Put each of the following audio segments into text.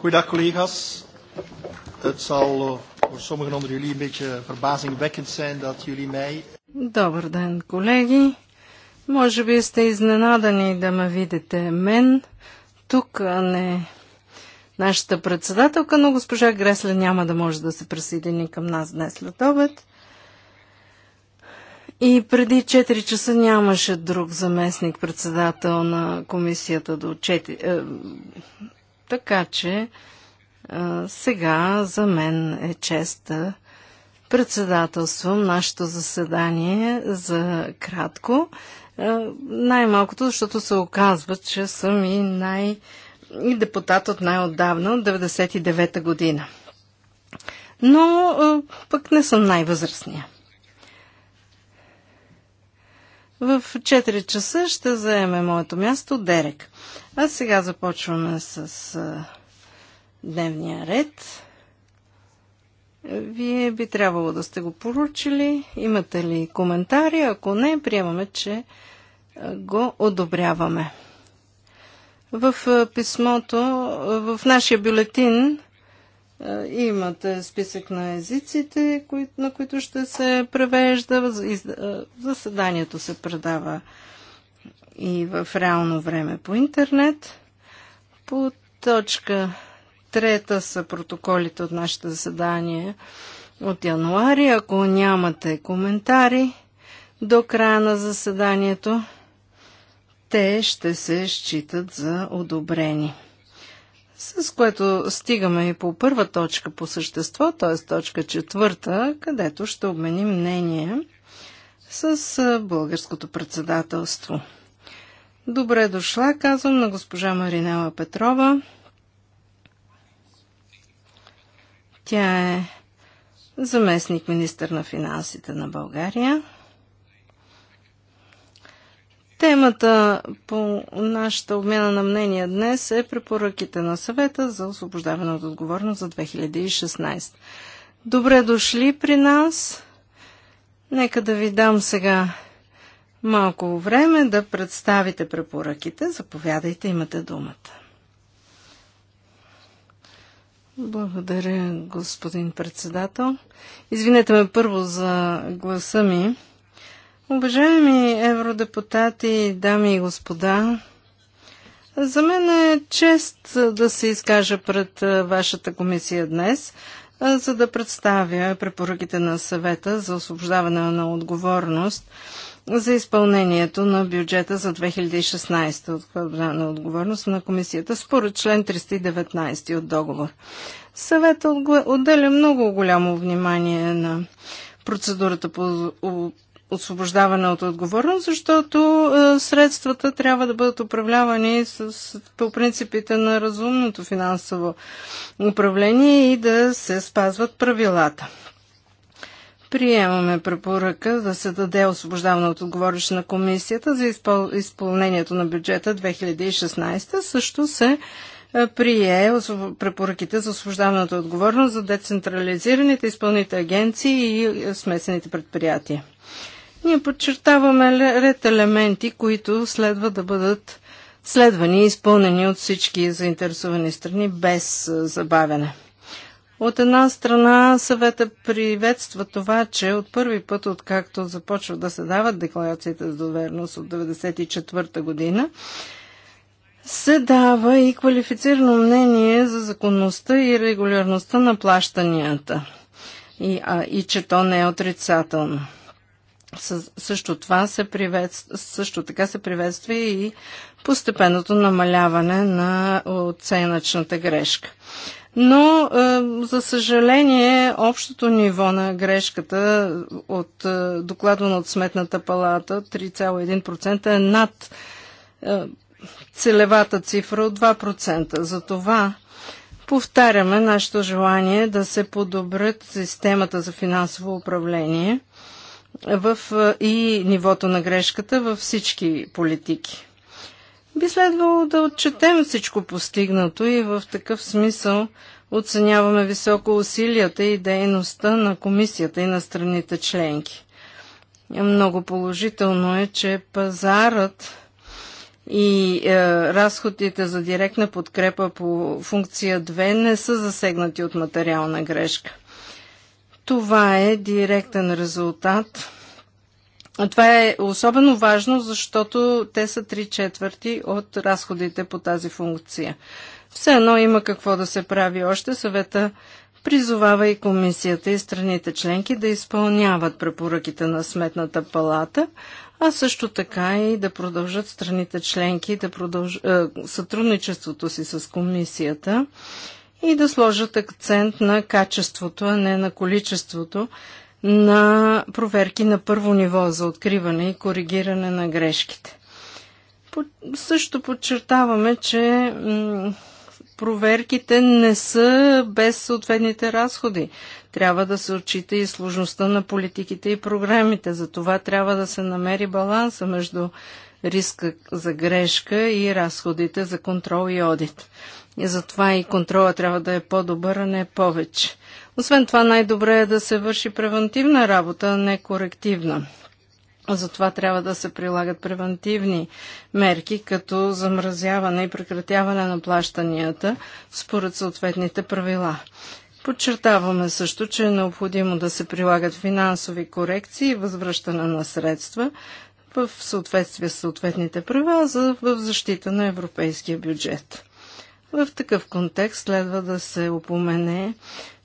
Goedendag collega's. Het zal eh, voor sommigen onder jullie een beetje verbazingwekkend zijn dat jullie mij... Добър ден, колеги. Може би сте изненадани да ме видите мен тук, а не нашата председателка, но госпожа Гресле няма да може да се присъедини към нас днес след обед. И преди 4 часа нямаше друг заместник председател на комисията до 4. Е, така че е, сега за мен е чест да председателствам нашето заседание за кратко. Е, най-малкото, защото се оказва, че съм и най- и депутат от най-отдавна, от 99-та година. Но е, пък не съм най-възрастния. В 4 часа ще заеме моето място Дерек. А сега започваме с дневния ред. Вие би трябвало да сте го поручили. Имате ли коментари? Ако не, приемаме, че го одобряваме. В писмото, в нашия бюлетин е, имате списък на езиците, на които ще се превежда. Е, заседанието се предава и в реално време по интернет. По точка трета са протоколите от нашите заседания от януари. Ако нямате коментари до края на заседанието, те ще се считат за одобрени. С което стигаме и по първа точка по същество, т.е. точка четвърта, където ще обменим мнение с българското председателство. Добре дошла, казвам на госпожа Маринела Петрова. Тя е заместник министър на финансите на България. Темата по нашата обмяна на мнения днес е препоръките на съвета за освобождаване от отговорност за 2016. Добре дошли при нас. Нека да ви дам сега малко време да представите препоръките. Заповядайте, имате думата. Благодаря, господин председател. Извинете ме първо за гласа ми. Уважаеми евродепутати, дами и господа, за мен е чест да се изкажа пред вашата комисия днес, за да представя препоръките на съвета за освобождаване на отговорност за изпълнението на бюджета за 2016 от на отговорност на комисията според член 319 от договор. Съветът отделя много голямо внимание на процедурата по освобождаване от отговорност, защото е, средствата трябва да бъдат управлявани с, по принципите на разумното финансово управление и да се спазват правилата. Приемаме препоръка да се даде освобождаване от отговорност на комисията за изпъл... изпълнението на бюджета 2016. Също се е, прие препоръките за освобождаването отговорност за децентрализираните изпълните агенции и е, смесените предприятия. Ние подчертаваме ред елементи, които следва да бъдат следвани и изпълнени от всички заинтересовани страни без забавяне. От една страна съвета приветства това, че от първи път, откакто започва да се дават декларациите за доверност от 1994 година, се дава и квалифицирано мнение за законността и регулярността на плащанията и, а, и че то не е отрицателно. Също, това се приветств... също така се приветства и постепенното намаляване на оценъчната грешка. Но, е, за съжаление, общото ниво на грешката от е, докладвано от Сметната палата 3,1% е над е, целевата цифра от 2%. За това повтаряме нашето желание да се подобрят системата за финансово управление – в, е, и нивото на грешката във всички политики. Би следвало да отчетем всичко постигнато и в такъв смисъл оценяваме високо усилията и дейността на комисията и на страните членки. Много положително е, че пазарът и е, разходите за директна подкрепа по функция 2 не са засегнати от материална грешка – това е директен резултат. Това е особено важно, защото те са три четвърти от разходите по тази функция. Все едно има какво да се прави още. Съвета призовава и комисията и страните членки да изпълняват препоръките на Сметната палата, а също така и да продължат страните членки да продълж... Е, сътрудничеството си с комисията и да сложат акцент на качеството, а не на количеството на проверки на първо ниво за откриване и коригиране на грешките. По също подчертаваме, че проверките не са без съответните разходи. Трябва да се отчита и сложността на политиките и програмите. За това трябва да се намери баланса между риска за грешка и разходите за контрол и одит. И затова и контрола трябва да е по-добър, а не повече. Освен това, най-добре е да се върши превентивна работа, а не корективна. Затова трябва да се прилагат превентивни мерки, като замразяване и прекратяване на плащанията според съответните правила. Подчертаваме също, че е необходимо да се прилагат финансови корекции и възвръщане на средства в съответствие с съответните права за, в защита на европейския бюджет. В такъв контекст следва да се упомене,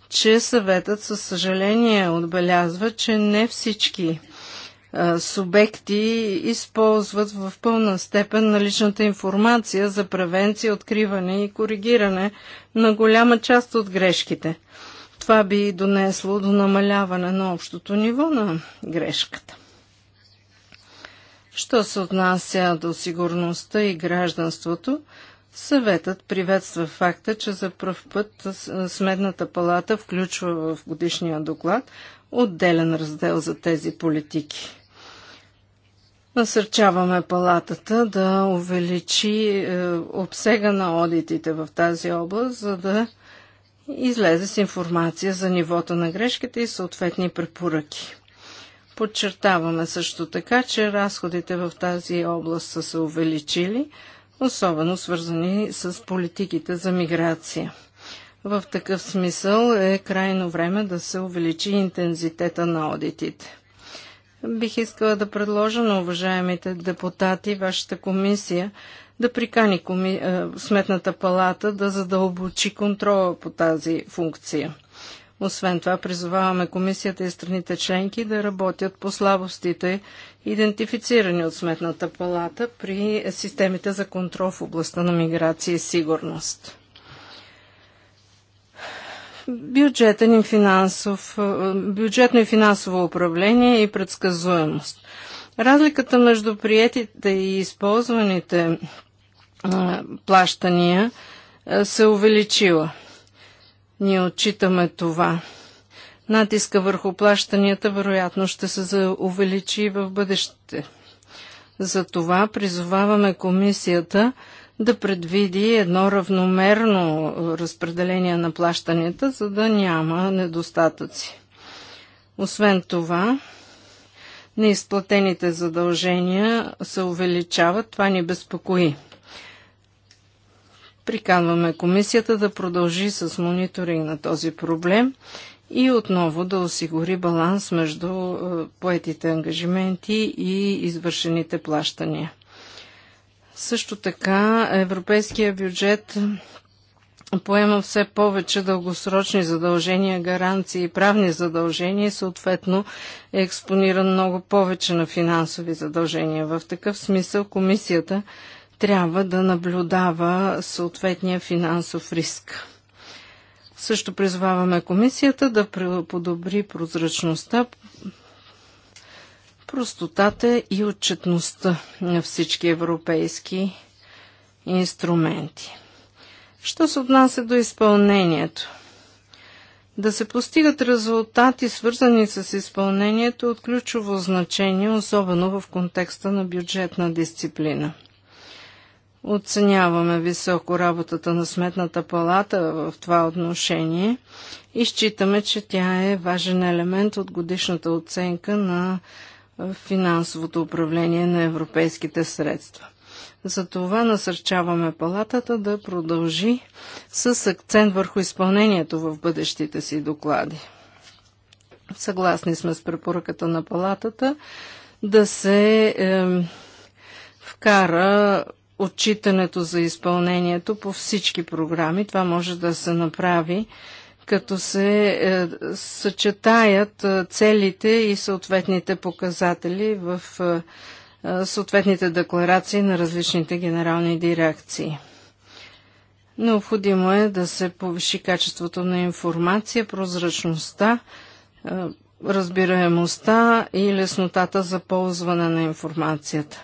че съветът със съжаление отбелязва, че не всички а, субекти използват в пълна степен наличната информация за превенция, откриване и коригиране на голяма част от грешките. Това би донесло до намаляване на общото ниво на грешката. Що се отнася до сигурността и гражданството, Съветът приветства факта, че за пръв път Сметната палата включва в годишния доклад отделен раздел за тези политики. Насърчаваме палатата да увеличи е, обсега на одитите в тази област, за да излезе с информация за нивото на грешките и съответни препоръки. Подчертаваме също така, че разходите в тази област са се увеличили – особено свързани с политиките за миграция. В такъв смисъл е крайно време да се увеличи интензитета на одитите. Бих искала да предложа на уважаемите депутати, вашата комисия, да прикани коми... Е, Сметната палата да задълбочи контрола по тази функция. Освен това, призоваваме комисията и страните членки да работят по слабостите идентифицирани от Сметната палата при системите за контрол в областта на миграция и сигурност. Бюджетен и финансов, е, бюджетно и финансово управление и предсказуемост. Разликата между приетите и използваните а, е, плащания а, е, се увеличила. Ние отчитаме това натиска върху плащанията вероятно ще се увеличи в бъдещите. Затова призоваваме комисията да предвиди едно равномерно разпределение на плащанията, за да няма недостатъци. Освен това, неизплатените задължения се увеличават. Това ни безпокои. Приканваме комисията да продължи с мониторинг на този проблем и отново да осигури баланс между е, поетите ангажименти и извършените плащания. Също така европейския бюджет поема все повече дългосрочни задължения, гаранции и правни задължения и съответно е експониран много повече на финансови задължения. В такъв смисъл комисията трябва да наблюдава съответния финансов риск. Също призваваме комисията да подобри прозрачността, простотата и отчетността на всички европейски инструменти. Що се отнася до изпълнението? Да се постигат резултати, свързани с изпълнението, е от ключово значение, особено в контекста на бюджетна дисциплина – Оценяваме високо работата на Сметната палата в това отношение и считаме, че тя е важен елемент от годишната оценка на финансовото управление на европейските средства. Затова насърчаваме палатата да продължи с акцент върху изпълнението в бъдещите си доклади. Съгласни сме с препоръката на палатата да се е, вкара отчитането за изпълнението по всички програми. Това може да се направи като се е, съчетаят е, целите и съответните показатели в е, е, съответните декларации на различните генерални дирекции. Необходимо е да се повиши качеството на информация, прозрачността, е, разбираемостта и леснотата за ползване на информацията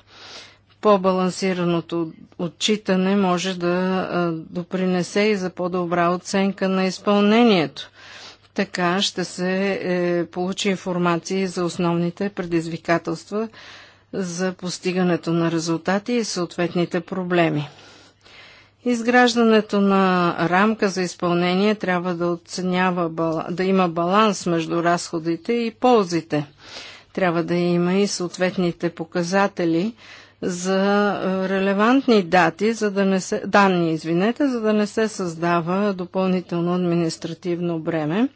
по-балансираното отчитане може да допринесе и за по-добра оценка на изпълнението. Така ще се е, получи информация за основните предизвикателства за постигането на резултати и съответните проблеми. Изграждането на рамка за изпълнение трябва да оценява да има баланс между разходите и ползите. Трябва да има и съответните показатели, за е, релевантни дати, за да не се, данни, извинете, за да не се създава допълнително административно бреме.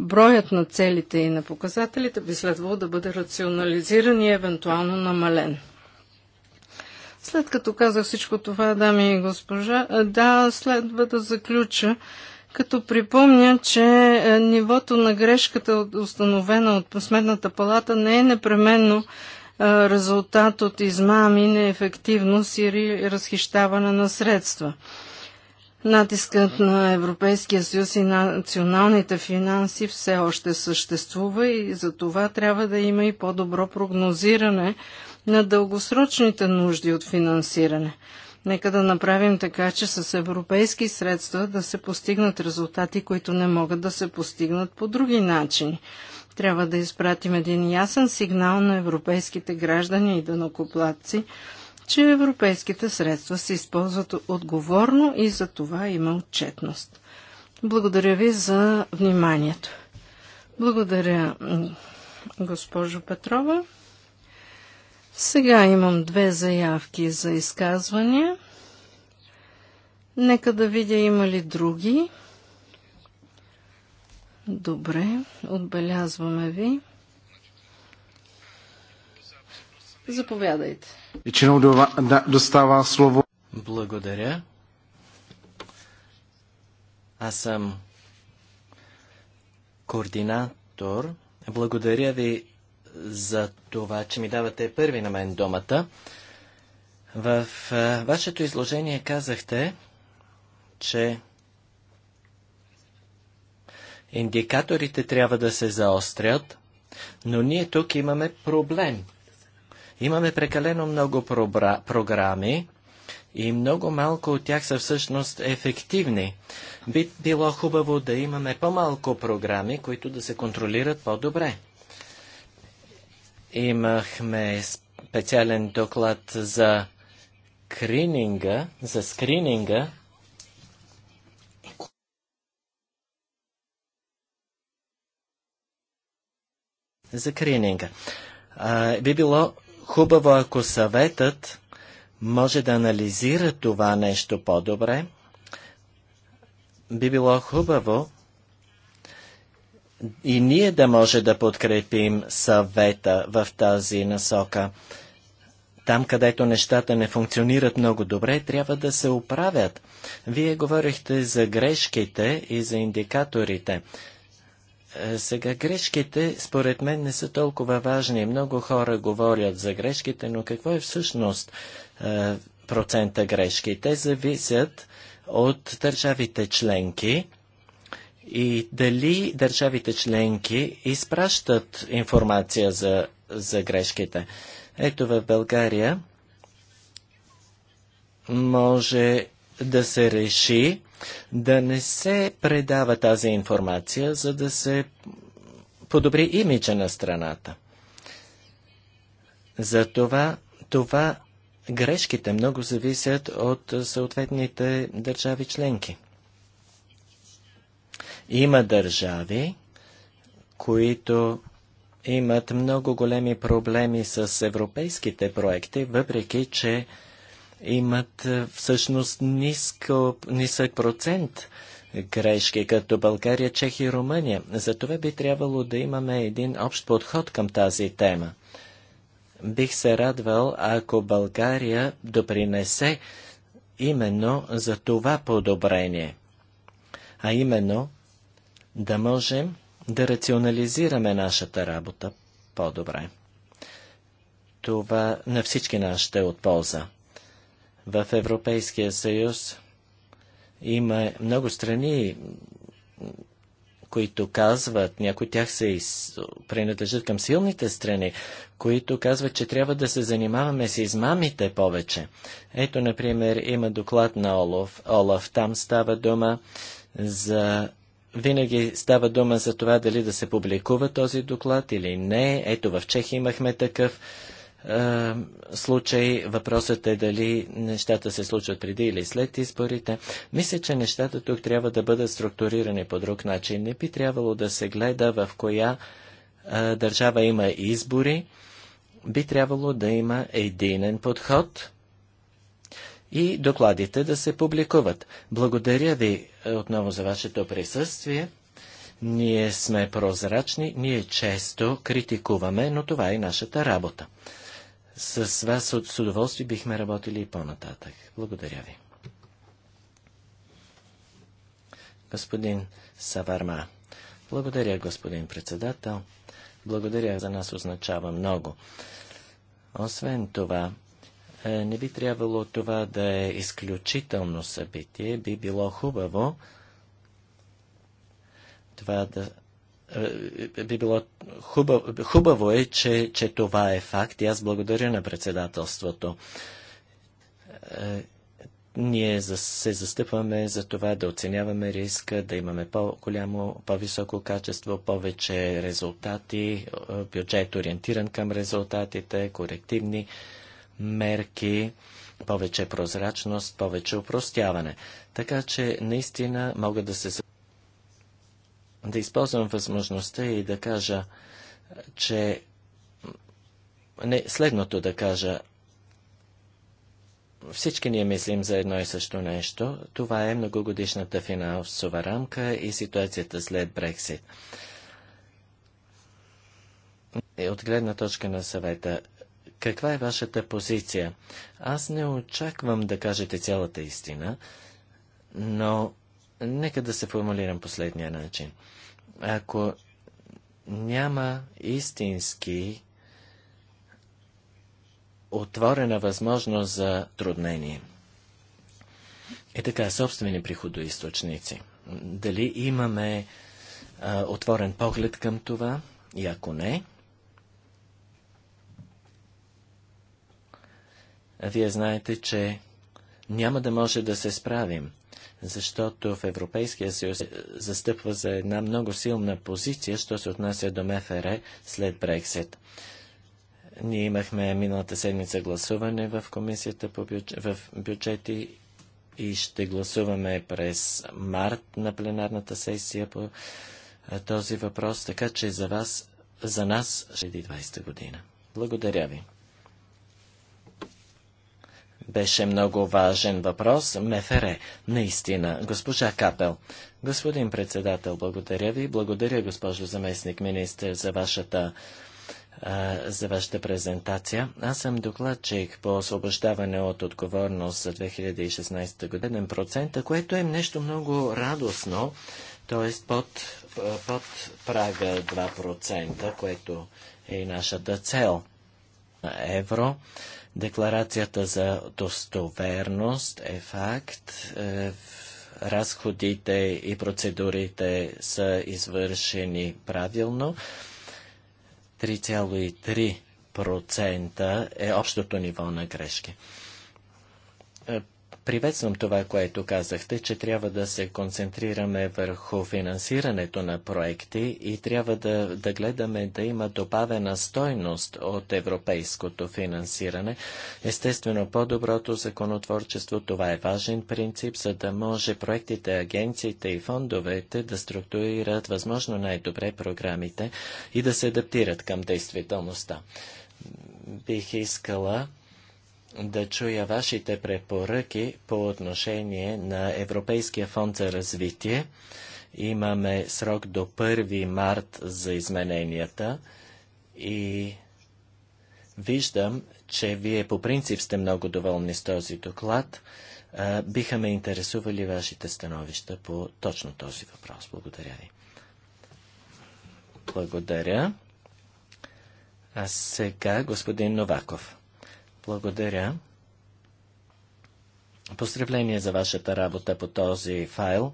Броят на целите и на показателите би следвало да бъде рационализиран и евентуално намален. След като казах всичко това, дами и госпожа, е, да, следва да заключа, като припомня, че е, нивото на грешката, установена от Сметната палата, не е непременно резултат от измами, неефективност и разхищаване на средства. Натискът на Европейския съюз и националните финанси все още съществува и за това трябва да има и по-добро прогнозиране на дългосрочните нужди от финансиране. Нека да направим така, че с европейски средства да се постигнат резултати, които не могат да се постигнат по други начини. Трябва да изпратим един ясен сигнал на европейските граждани и дънокоплатци, че европейските средства се използват отговорно и за това има отчетност. Благодаря ви за вниманието. Благодаря, госпожо Петрова. Сега имам две заявки за изказвания. Нека да видя има ли други. Добре, отбелязваме ви. Заповядайте. Вечером достава слово. Благодаря. Аз съм координатор. Благодаря ви за това, че ми давате първи на мен думата. В вашето изложение казахте, че Индикаторите трябва да се заострят, но ние тук имаме проблем. Имаме прекалено много пробра... програми и много малко от тях са всъщност ефективни. Би било хубаво да имаме по-малко програми, които да се контролират по-добре. Имахме специален доклад за скрининга, за скрининга за крининга. А, би било хубаво, ако съветът може да анализира това нещо по-добре. Би било хубаво и ние да може да подкрепим съвета в тази насока. Там, където нещата не функционират много добре, трябва да се оправят. Вие говорихте за грешките и за индикаторите. Е, сега грешките, според мен, не са толкова важни. Много хора говорят за грешките, но какво е всъщност е, процента грешки? Те зависят от държавите членки и дали държавите членки изпращат информация за, за грешките. Ето в България може да се реши да не се предава тази информация, за да се подобри имиджа на страната. Затова това грешките много зависят от съответните държави членки. Има държави, които имат много големи проблеми с европейските проекти, въпреки че имат е, всъщност ниско, нисък процент грешки, като България, Чехия и Румъния. Затова би трябвало да имаме един общ подход към тази тема. Бих се радвал, ако България допринесе именно за това подобрение, а именно да можем да рационализираме нашата работа по-добре. Това на всички нас ще е от полза в Европейския съюз има много страни, които казват, някои тях се из... принадлежат към силните страни, които казват, че трябва да се занимаваме с измамите повече. Ето, например, има доклад на Олов. Олаф там става дума за винаги става дума за това дали да се публикува този доклад или не. Ето в Чехия имахме такъв е, случай. Въпросът е дали нещата се случват преди или след изборите. Мисля, че нещата тук трябва да бъдат структурирани по друг начин. Не би трябвало да се гледа в коя е, държава има избори. Би трябвало да има единен подход и докладите да се публикуват. Благодаря ви е, отново за вашето присъствие. Ние сме прозрачни, ние често критикуваме, но това е нашата работа с вас от с удоволствие бихме работили и по-нататък. Благодаря ви. Господин Саварма. Благодаря, господин председател. Благодаря за нас означава много. Освен това, е, не би трябвало това да е изключително събитие. Би било хубаво това да е, би било хубаво, хубаво е, че, че това е факт и аз благодаря на председателството. Е, ние се застъпваме за това да оценяваме риска, да имаме по-голямо, по-високо качество, повече резултати, е, бюджет ориентиран към резултатите, корективни мерки, повече прозрачност, повече упростяване. Така че наистина могат да се да използвам възможността и да кажа, че не, следното да кажа. Всички ние мислим за едно и също нещо. Това е многогодишната финансова рамка и ситуацията след Брексит. Е, от гледна точка на съвета, каква е вашата позиция? Аз не очаквам да кажете цялата истина, но Нека да се формулирам последния начин. Ако няма истински отворена възможност за труднение. Е така, собствени приходоисточници. Дали имаме а, отворен поглед към това? И ако не, вие знаете, че няма да може да се справим защото в Европейския съюз застъпва за една много силна позиция, що се отнася до МФР след Брексит. Ние имахме миналата седмица гласуване в комисията по бюджет, в бюджети и ще гласуваме през март на пленарната сесия по този въпрос, така че за вас, за нас 2020 е година. Благодаря ви беше много важен въпрос. Мефере, наистина, госпожа Капел. Господин председател, благодаря ви. Благодаря, госпожо заместник министр, за вашата за вашата презентация. Аз съм докладчик по освобождаване от отговорност за 2016 година процента, което е нещо много радостно, т.е. Под, под прага 2%, което е и нашата цел евро. Декларацията за достоверност е факт. Е, разходите и процедурите са извършени правилно. 3,3% е общото ниво на грешки. Приветствам това, което казахте, че трябва да се концентрираме върху финансирането на проекти и трябва да, да гледаме да има добавена стойност от европейското финансиране. Естествено, по-доброто законотворчество, това е важен принцип, за да може проектите, агенциите и фондовете да структурират възможно най-добре програмите и да се адаптират към действителността. Бих искала да чуя вашите препоръки по отношение на Европейския фонд за развитие. Имаме срок до 1 март за измененията и виждам, че вие по принцип сте много доволни с този доклад. биха ме интересували вашите становища по точно този въпрос. Благодаря ви. Благодаря. А сега господин Новаков. Благодаря. Поздравление за вашата работа по този файл.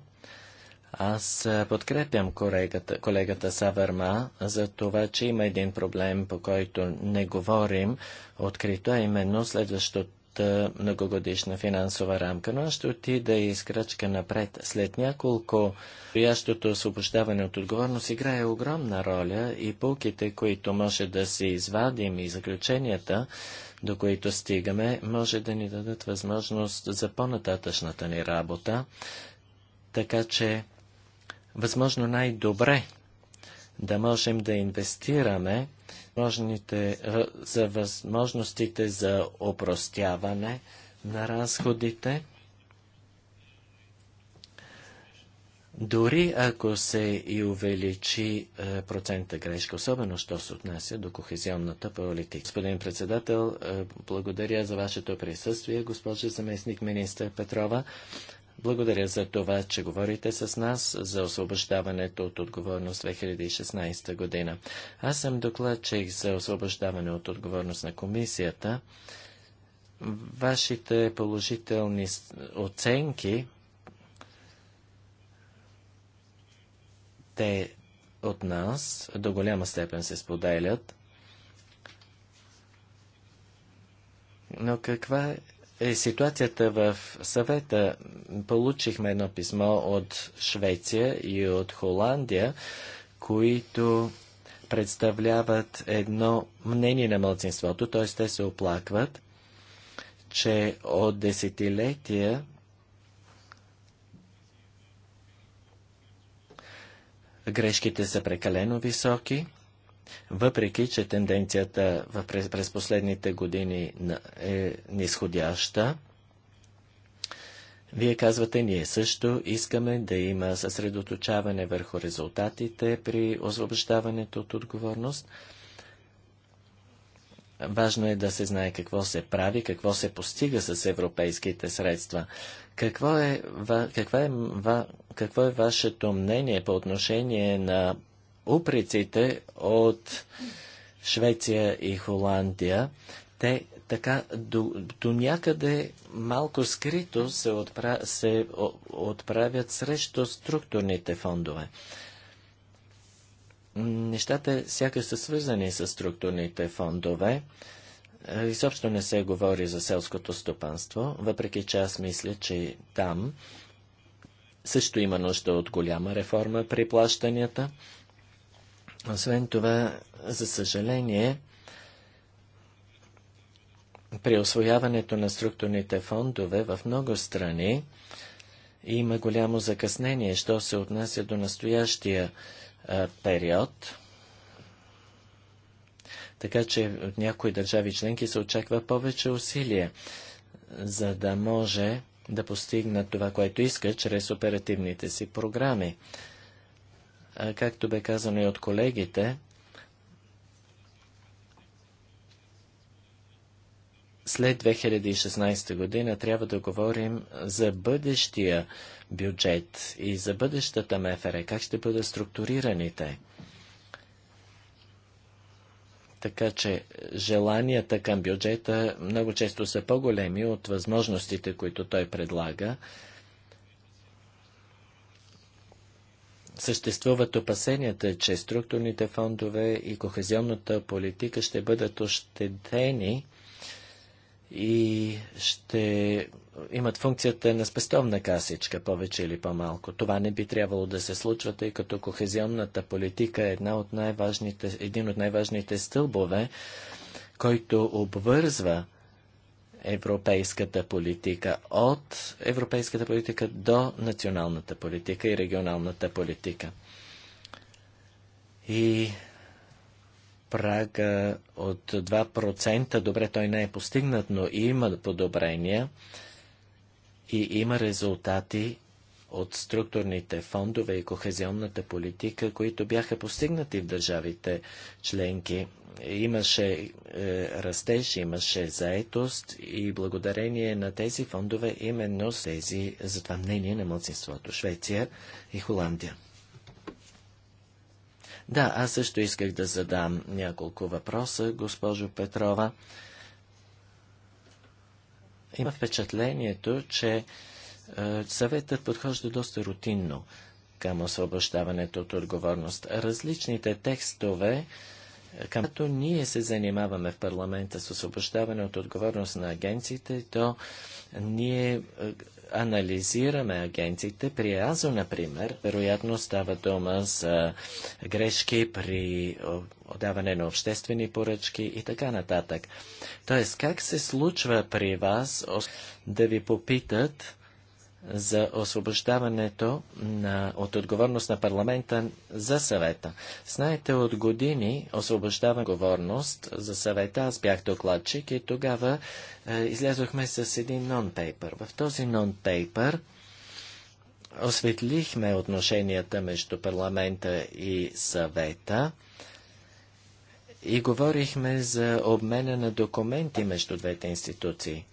Аз подкрепям колегата, колегата Саверма за това, че има един проблем, по който не говорим открито, а именно следващата многогодишна финансова рамка. Но аз ще отида и с напред. След няколко стоящото освобождаване от отговорност играе огромна роля и пулките, които може да се извадим и заключенията, до които стигаме, може да ни дадат възможност за по-нататъчната ни работа, така че възможно най-добре да можем да инвестираме за възможностите за опростяване на разходите – Дори ако се и увеличи е, процента грешка, особено що се отнася до кохезионната политика. Господин председател, е, благодаря за вашето присъствие, госпожа заместник министър Петрова. Благодаря за това, че говорите с нас за освобождаването от отговорност 2016 година. Аз съм докладчик за освобождаване от отговорност на комисията. Вашите положителни оценки Те от нас до голяма степен се споделят. Но каква е ситуацията в съвета? Получихме едно писмо от Швеция и от Холандия, които представляват едно мнение на мълцинството, т.е. те се оплакват, че от десетилетия грешките са прекалено високи, въпреки че тенденцията през, последните години е нисходяща. Вие казвате, ние също искаме да има съсредоточаване върху резултатите при освобождаването от отговорност. Важно е да се знае какво се прави, какво се постига с европейските средства. Какво е, каква е, какво е вашето мнение по отношение на уприците от Швеция и Холандия? Те така до, до някъде малко скрито се, отпра, се отправят срещу структурните фондове нещата сякаш са свързани с структурните фондове. Е, изобщо не се говори за селското стопанство, въпреки че аз мисля, че там също има нужда от голяма реформа при плащанията. Освен това, за съжаление, при освояването на структурните фондове в много страни има голямо закъснение, що се отнася до настоящия период. Така че от някои държави членки се очаква повече усилие, за да може да постигнат това, което искат чрез оперативните си програми. както бе казано и от колегите, след 2016 година трябва да говорим за бъдещия бюджет и за бъдещата МФР, как ще бъдат структурираните. Така че желанията към бюджета много често са по-големи от възможностите, които той предлага. Съществуват опасенията, че структурните фондове и кохезионната политика ще бъдат ощетени и ще имат функцията на спестовна касичка, повече или по-малко. Това не би трябвало да се случва, тъй като кохезионната политика е една от най-важните, един от най-важните стълбове, който обвързва европейската политика от европейската политика до националната политика и регионалната политика. И прага от 2%. Добре, той не е постигнат, но има подобрения и има резултати от структурните фондове и кохезионната политика, които бяха постигнати в държавите членки. Имаше е, растеж, имаше заетост и благодарение на тези фондове именно тези за това мнение на младсинството Швеция и Холандия. Да, аз също исках да задам няколко въпроса, госпожо Петрова. Има впечатлението, че е, съветът подхожда доста рутинно към освобождаването от отговорност. Различните текстове, е, като ние се занимаваме в парламента с освобождаване от отговорност на агенциите, то ние е, анализираме агенциите, при АЗО, например, вероятно става дума за грешки при отдаване на обществени поръчки и така нататък. Тоест, как се случва при вас да ви попитат за освобождаването на, от отговорност на парламента за съвета. Знаете, от години освобождава отговорност за съвета. Аз бях докладчик и тогава е, излязохме с един нон-пейпер. В този нон-пейпер осветлихме отношенията между парламента и съвета и говорихме за обмена на документи между двете институции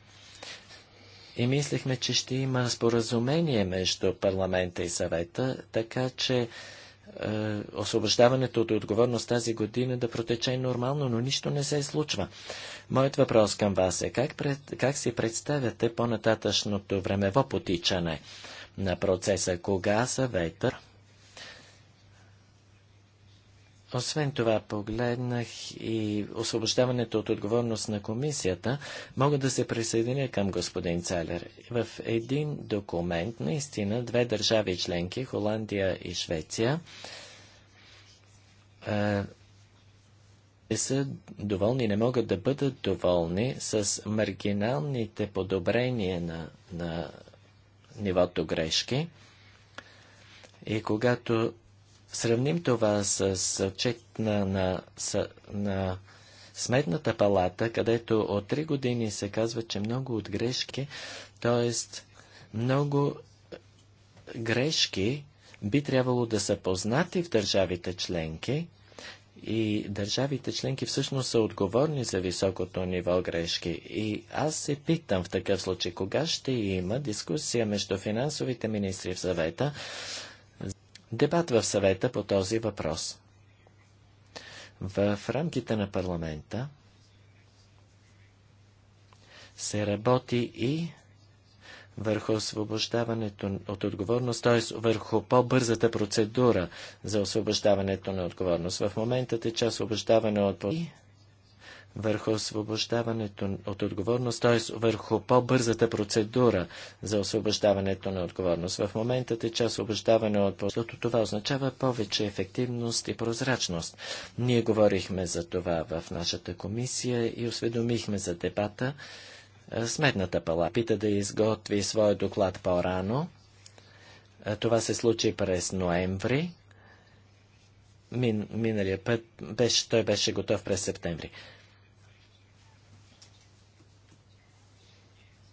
и мислихме, че ще има споразумение между парламента и съвета, така че е, освобождаването от отговорност тази година да протече нормално, но нищо не се случва. Моят въпрос към вас е как, пред, как си представяте по-нататъчното времево потичане на процеса, кога съвета? Освен това, погледнах и освобождаването от отговорност на комисията. Мога да се присъединя към господин Цалер. В един документ, наистина, две държави членки, Холандия и Швеция, е, са доволни, не могат да бъдат доволни с маргиналните подобрения на, на нивото грешки. И когато сравним това с отчет на, на, на Сметната палата, където от три години се казва, че много от грешки, т.е. много грешки би трябвало да са познати в държавите членки и държавите членки всъщност са отговорни за високото ниво грешки. И аз се питам в такъв случай, кога ще има дискусия между финансовите министри в съвета дебат в съвета по този въпрос. В рамките на парламента се работи и върху освобождаването от отговорност, т.е. върху по-бързата процедура за освобождаването на отговорност. В момента тече освобождаване от върху освобождаването от отговорност, т.е. върху по-бързата процедура за освобождаването на отговорност. В момента тече освобождаване от защото това означава повече ефективност и прозрачност. Ние говорихме за това в нашата комисия и осведомихме за дебата. Е, Сметната пала пита да изготви своя доклад по-рано. Е, това се случи през ноември. Мин, миналия път беше, той беше готов през септември.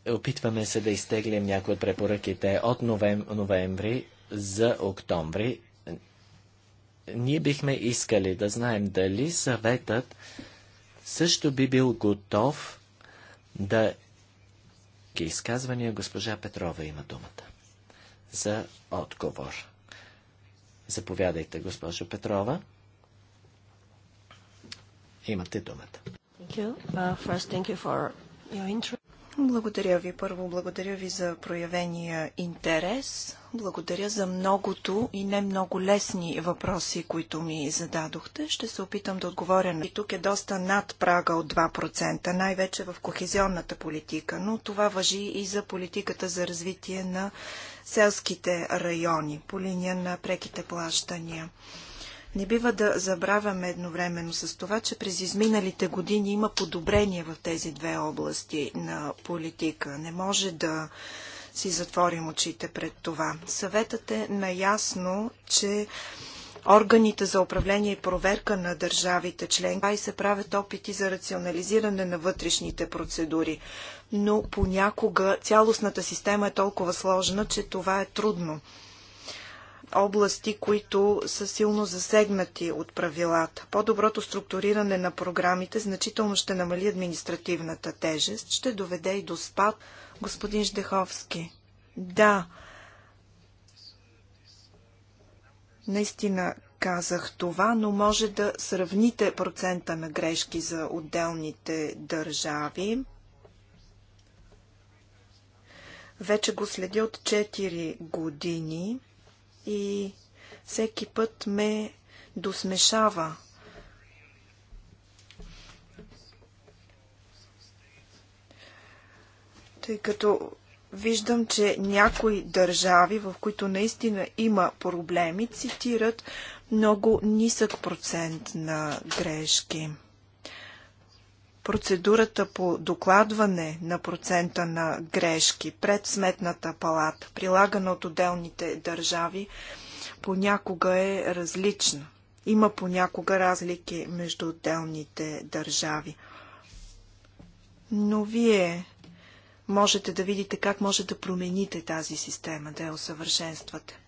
Опитваме се да изтеглим някои от препоръките от новем, новември за октомври. Ние бихме искали да знаем дали съветът също би бил готов да изказвания госпожа Петрова има думата за отговор. Заповядайте, госпожо Петрова. Имате думата. Uh, благодаря ви. Първо благодаря ви за проявения интерес. Благодаря за многото и не много лесни въпроси, които ми зададохте. Ще се опитам да отговоря. на И тук е доста над прага от 2%, най-вече в кохезионната политика, но това въжи и за политиката за развитие на селските райони по линия на преките плащания. Не бива да забравяме едновременно с това, че през изминалите години има подобрение в тези две области на политика. Не може да си затворим очите пред това. Съветът е наясно, че органите за управление и проверка на държавите член и се правят опити за рационализиране на вътрешните процедури. Но понякога цялостната система е толкова сложна, че това е трудно области, които са силно засегнати от правилата. По-доброто структуриране на програмите значително ще намали административната тежест, ще доведе и до спад. Господин Ждеховски, да, наистина казах това, но може да сравните процента на грешки за отделните държави. Вече го следя от 4 години и всеки път ме досмешава. Тъй като виждам, че някои държави, в които наистина има проблеми, цитират много нисък процент на грешки процедурата по докладване на процента на грешки пред сметната палата, прилагана от отделните държави, понякога е различна. Има понякога разлики между отделните държави. Но вие можете да видите как може да промените тази система, да я усъвършенствате.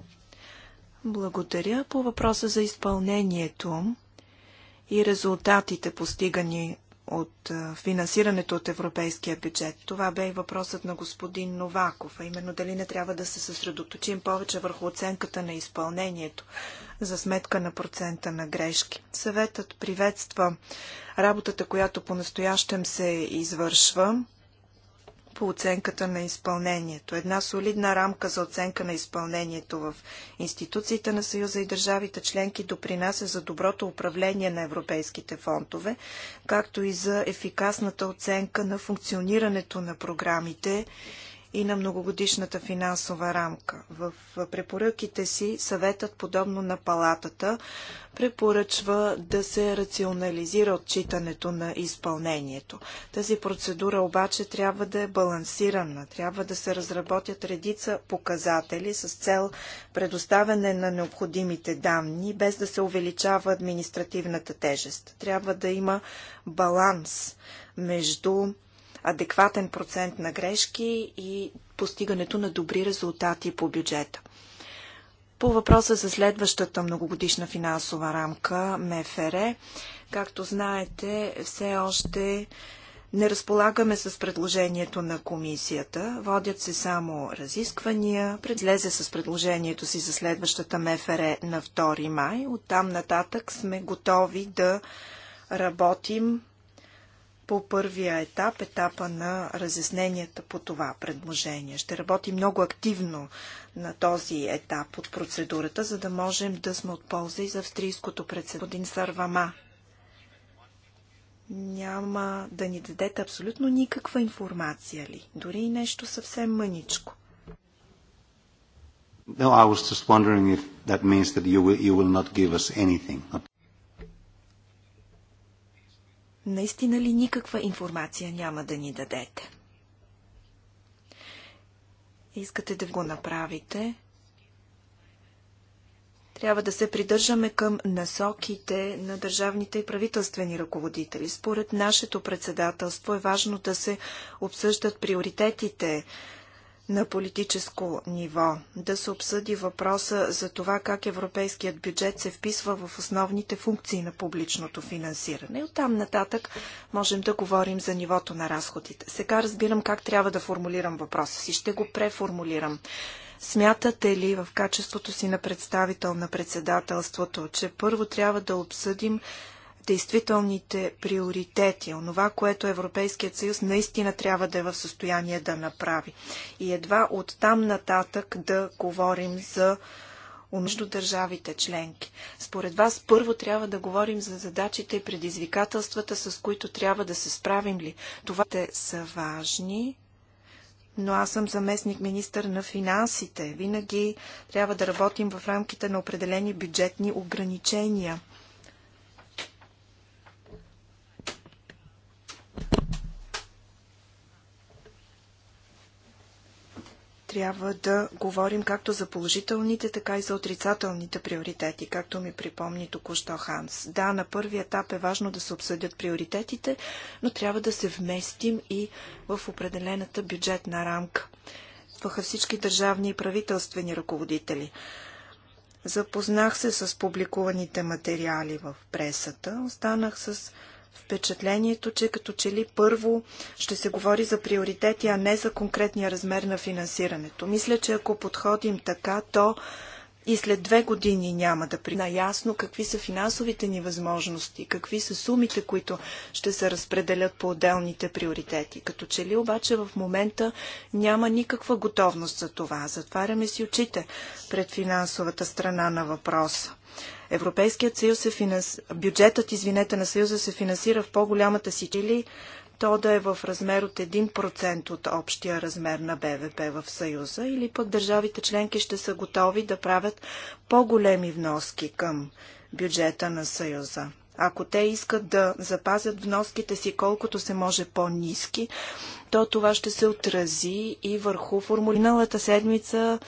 Благодаря по въпроса за изпълнението и резултатите постигани от финансирането от европейския бюджет. Това бе и въпросът на господин Новаков, а именно дали не трябва да се съсредоточим повече върху оценката на изпълнението за сметка на процента на грешки. Съветът приветства работата, която по-настоящем се извършва по оценката на изпълнението. Една солидна рамка за оценка на изпълнението в институциите на Съюза и държавите членки допринася за доброто управление на европейските фондове, както и за ефикасната оценка на функционирането на програмите и на многогодишната финансова рамка. В препоръките си съветът, подобно на палатата, препоръчва да се рационализира отчитането на изпълнението. Тази процедура обаче трябва да е балансирана, трябва да се разработят редица показатели с цел предоставяне на необходимите данни, без да се увеличава административната тежест. Трябва да има баланс между адекватен процент на грешки и постигането на добри резултати по бюджета. По въпроса за следващата многогодишна финансова рамка, МФР, както знаете, все още не разполагаме с предложението на комисията. Водят се само разисквания. Предлезе с предложението си за следващата МФР на 2 май. Оттам нататък сме готови да работим по първия етап, етапа на разясненията по това предложение. Ще работи много активно на този етап от процедурата, за да можем да сме от полза и за австрийското председателство. Сарвама. Няма да ни дадете абсолютно никаква информация ли, дори и нещо съвсем мъничко. No, I was just wondering if that means that you will, you will not give us anything. Наистина ли никаква информация няма да ни дадете? Искате да го направите? Трябва да се придържаме към насоките на държавните и правителствени ръководители. Според нашето председателство е важно да се обсъждат приоритетите на политическо ниво, да се обсъди въпроса за това как европейският бюджет се вписва в основните функции на публичното финансиране. И оттам нататък можем да говорим за нивото на разходите. Сега разбирам как трябва да формулирам въпроса си. Ще го преформулирам. Смятате ли в качеството си на представител на председателството, че първо трябва да обсъдим действителните приоритети, онова, което Европейският съюз наистина трябва да е в състояние да направи. И едва от там нататък да говорим за между държавите членки. Според вас първо трябва да говорим за задачите и предизвикателствата, с които трябва да се справим ли. Това те са важни, но аз съм заместник министър на финансите. Винаги трябва да работим в рамките на определени бюджетни ограничения – трябва да говорим както за положителните, така и за отрицателните приоритети, както ми припомни току-що Ханс. Да, на първи етап е важно да се обсъдят приоритетите, но трябва да се вместим и в определената бюджетна рамка. Въха всички държавни и правителствени ръководители. Запознах се с публикуваните материали в пресата, останах с впечатлението, че като че ли първо ще се говори за приоритети, а не за конкретния размер на финансирането. Мисля, че ако подходим така, то и след две години няма да призна ясно какви са финансовите ни възможности, какви са сумите, които ще се разпределят по отделните приоритети. Като че ли обаче в момента няма никаква готовност за това. Затваряме си очите пред финансовата страна на въпроса. Европейският съюз се финанс... бюджетът, извинете, на съюза се финансира в по-голямата си чили, то да е в размер от 1% от общия размер на БВП в Съюза, или пък държавите членки ще са готови да правят по-големи вноски към бюджета на Съюза. Ако те искат да запазят вноските си колкото се може по-низки, то това ще се отрази и върху формулиналата седмица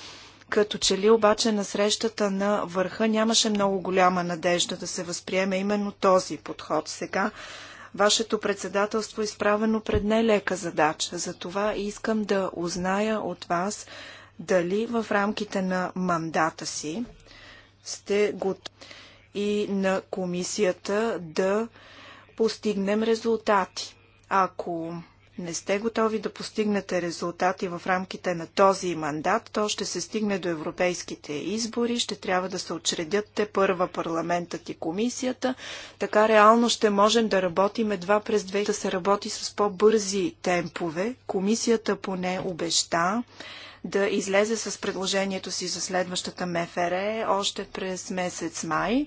като че ли обаче на срещата на върха нямаше много голяма надежда да се възприеме именно този подход. Сега вашето председателство е изправено пред нелека задача. Затова искам да узная от вас дали в рамките на мандата си сте готови и на комисията да постигнем резултати. Ако не сте готови да постигнете резултати в рамките на този мандат, то ще се стигне до европейските избори, ще трябва да се очредят те първа парламентът и комисията. Така реално ще можем да работим едва през две, да се работи с по-бързи темпове. Комисията поне обеща да излезе с предложението си за следващата МФР още през месец май.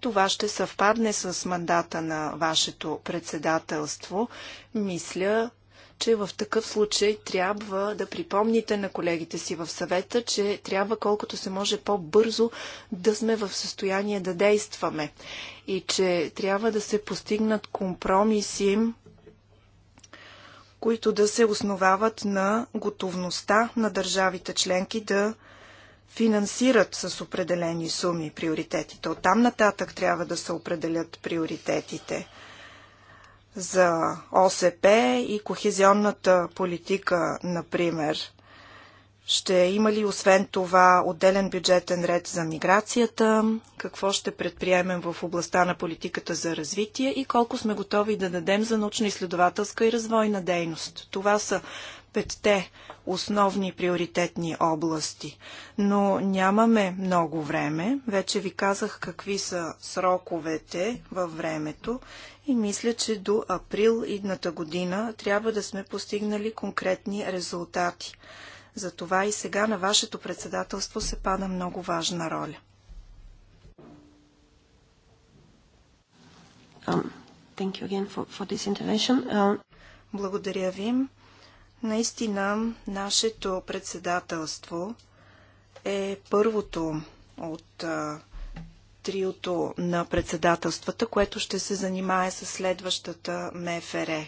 Това ще съвпадне с мандата на вашето председателство. Мисля, че в такъв случай трябва да припомните на колегите си в съвета, че трябва колкото се може по-бързо да сме в състояние да действаме и че трябва да се постигнат компромиси, които да се основават на готовността на държавите членки да финансират с определени суми приоритетите. От там нататък трябва да се определят приоритетите за ОСП и кохезионната политика, например? Ще има ли освен това отделен бюджетен ред за миграцията? Какво ще предприемем в областта на политиката за развитие и колко сме готови да дадем за научно-изследователска и развойна дейност? Това са петте основни приоритетни области. Но нямаме много време. Вече ви казах какви са сроковете във времето и мисля, че до април идната година трябва да сме постигнали конкретни резултати. Затова и сега на вашето председателство се пада много важна роля. Um, for, for um... Благодаря ви. Наистина, нашето председателство е първото от триото на председателствата, което ще се занимае с следващата МФР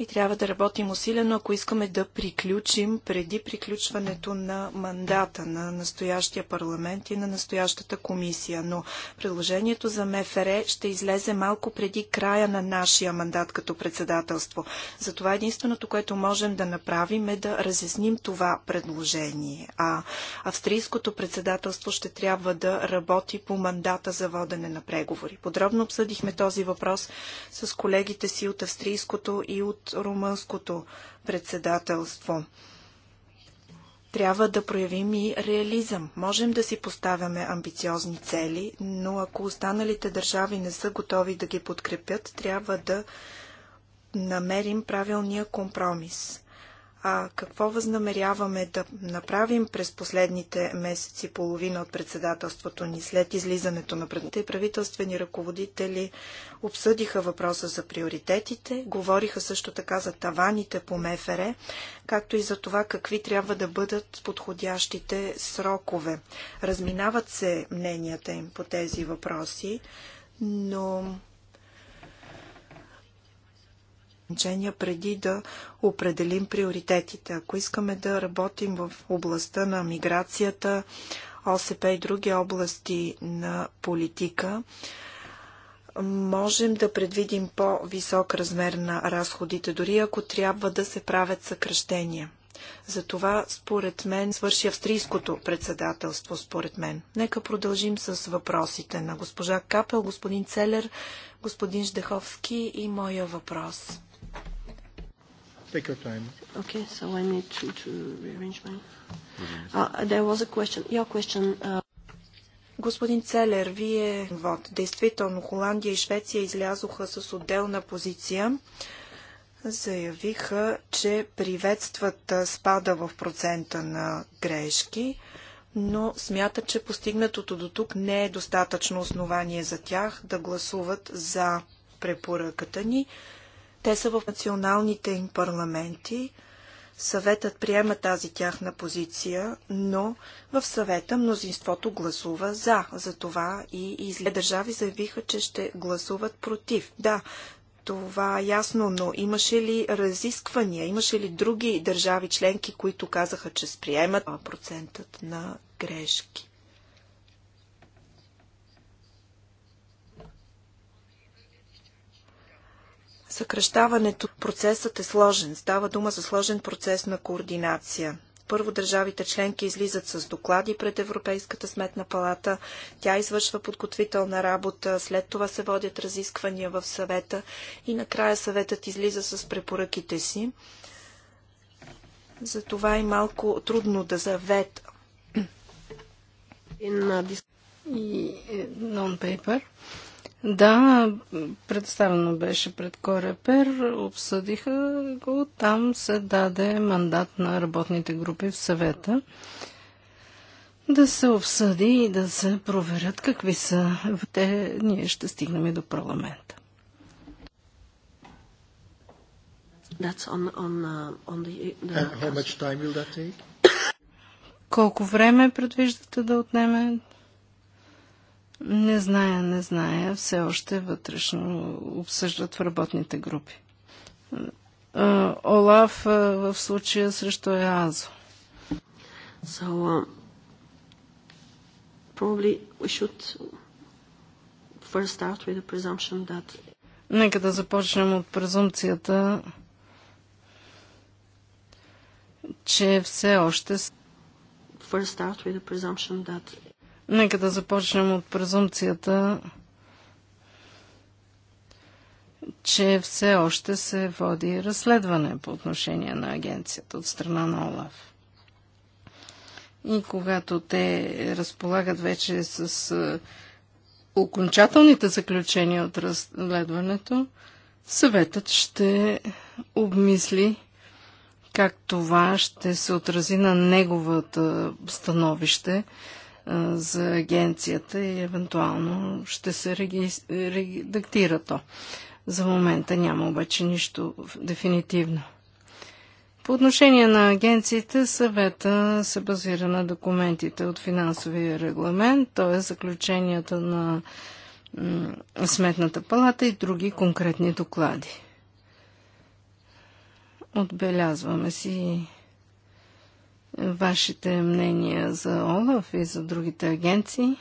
и трябва да работим усилено, ако искаме да приключим преди приключването на мандата на настоящия парламент и на настоящата комисия. Но предложението за МФР ще излезе малко преди края на нашия мандат като председателство. Затова единственото, което можем да направим е да разясним това предложение. А австрийското председателство ще трябва да работи по мандата за водене на преговори. Подробно обсъдихме този въпрос с колегите си от австрийското и от румънското председателство. Трябва да проявим и реализъм. Можем да си поставяме амбициозни цели, но ако останалите държави не са готови да ги подкрепят, трябва да намерим правилния компромис. А какво възнамеряваме да направим през последните месеци и половина от председателството ни след излизането на предните правителствени ръководители обсъдиха въпроса за приоритетите, говориха също така за таваните по МФР, както и за това какви трябва да бъдат подходящите срокове. Разминават се мненията им по тези въпроси, но ограничения, преди да определим приоритетите. Ако искаме да работим в областта на миграцията, ОСП и други области на политика, можем да предвидим по-висок размер на разходите, дори ако трябва да се правят съкръщения. Затова, според мен, свърши австрийското председателство, според мен. Нека продължим с въпросите на госпожа Капел, господин Целер, господин Ждеховски и моя въпрос. Take your time. Okay, so I need to, to rearrange my... Uh, there was a question. Your question. Uh... Господин Целер, вие вот. Действително, Холандия и Швеция излязоха с отделна позиция. Заявиха, че приветстват спада в процента на грешки, но смятат, че постигнатото до тук не е достатъчно основание за тях да гласуват за препоръката ни. Те са в националните им парламенти. Съветът приема тази тяхна позиция, но в съвета мнозинството гласува за. Затова и изле държави заявиха, че ще гласуват против. Да, това е ясно, но имаше ли разисквания, имаше ли други държави членки, които казаха, че сприемат процентът на грешки? Съкръщаването, процесът е сложен. Става дума за сложен процес на координация. Първо държавите членки излизат с доклади пред Европейската сметна палата. Тя извършва подготвителна работа, след това се водят разисквания в съвета и накрая съветът излиза с препоръките си. Затова е малко трудно да завет. И е, нон-пейпер. Да, представено беше пред Корепер, обсъдиха го, там се даде мандат на работните групи в съвета да се обсъди и да се проверят какви са те. Ние ще стигнем до парламента. Uh, Колко време предвиждате да отнеме не зная, не зная. Все още вътрешно обсъждат в работните групи. Олаф в случая срещу ЕАЗО. So, uh, probably we should first start with the presumption that... Нека да започнем от презумпцията, че все още... First start with the presumption that Нека да започнем от презумпцията, че все още се води разследване по отношение на агенцията от страна на ОЛАФ. И когато те разполагат вече с е, окончателните заключения от разследването, съветът ще обмисли как това ще се отрази на неговата становище за агенцията и евентуално ще се редактира то. За момента няма обаче нищо дефинитивно. По отношение на агенциите, съвета се базира на документите от финансовия регламент, т.е. заключенията на Сметната палата и други конкретни доклади. Отбелязваме си вашите мнения за ОЛАФ и за другите агенции.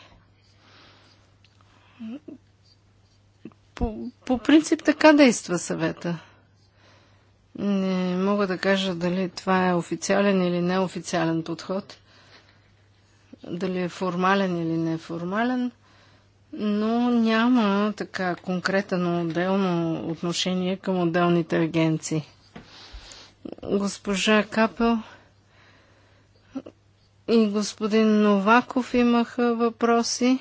По, по принцип така действа съвета. Не мога да кажа дали това е официален или неофициален подход, дали е формален или неформален, но няма така конкретно отделно отношение към отделните агенции. Госпожа Капел и господин Новаков имаха въпроси.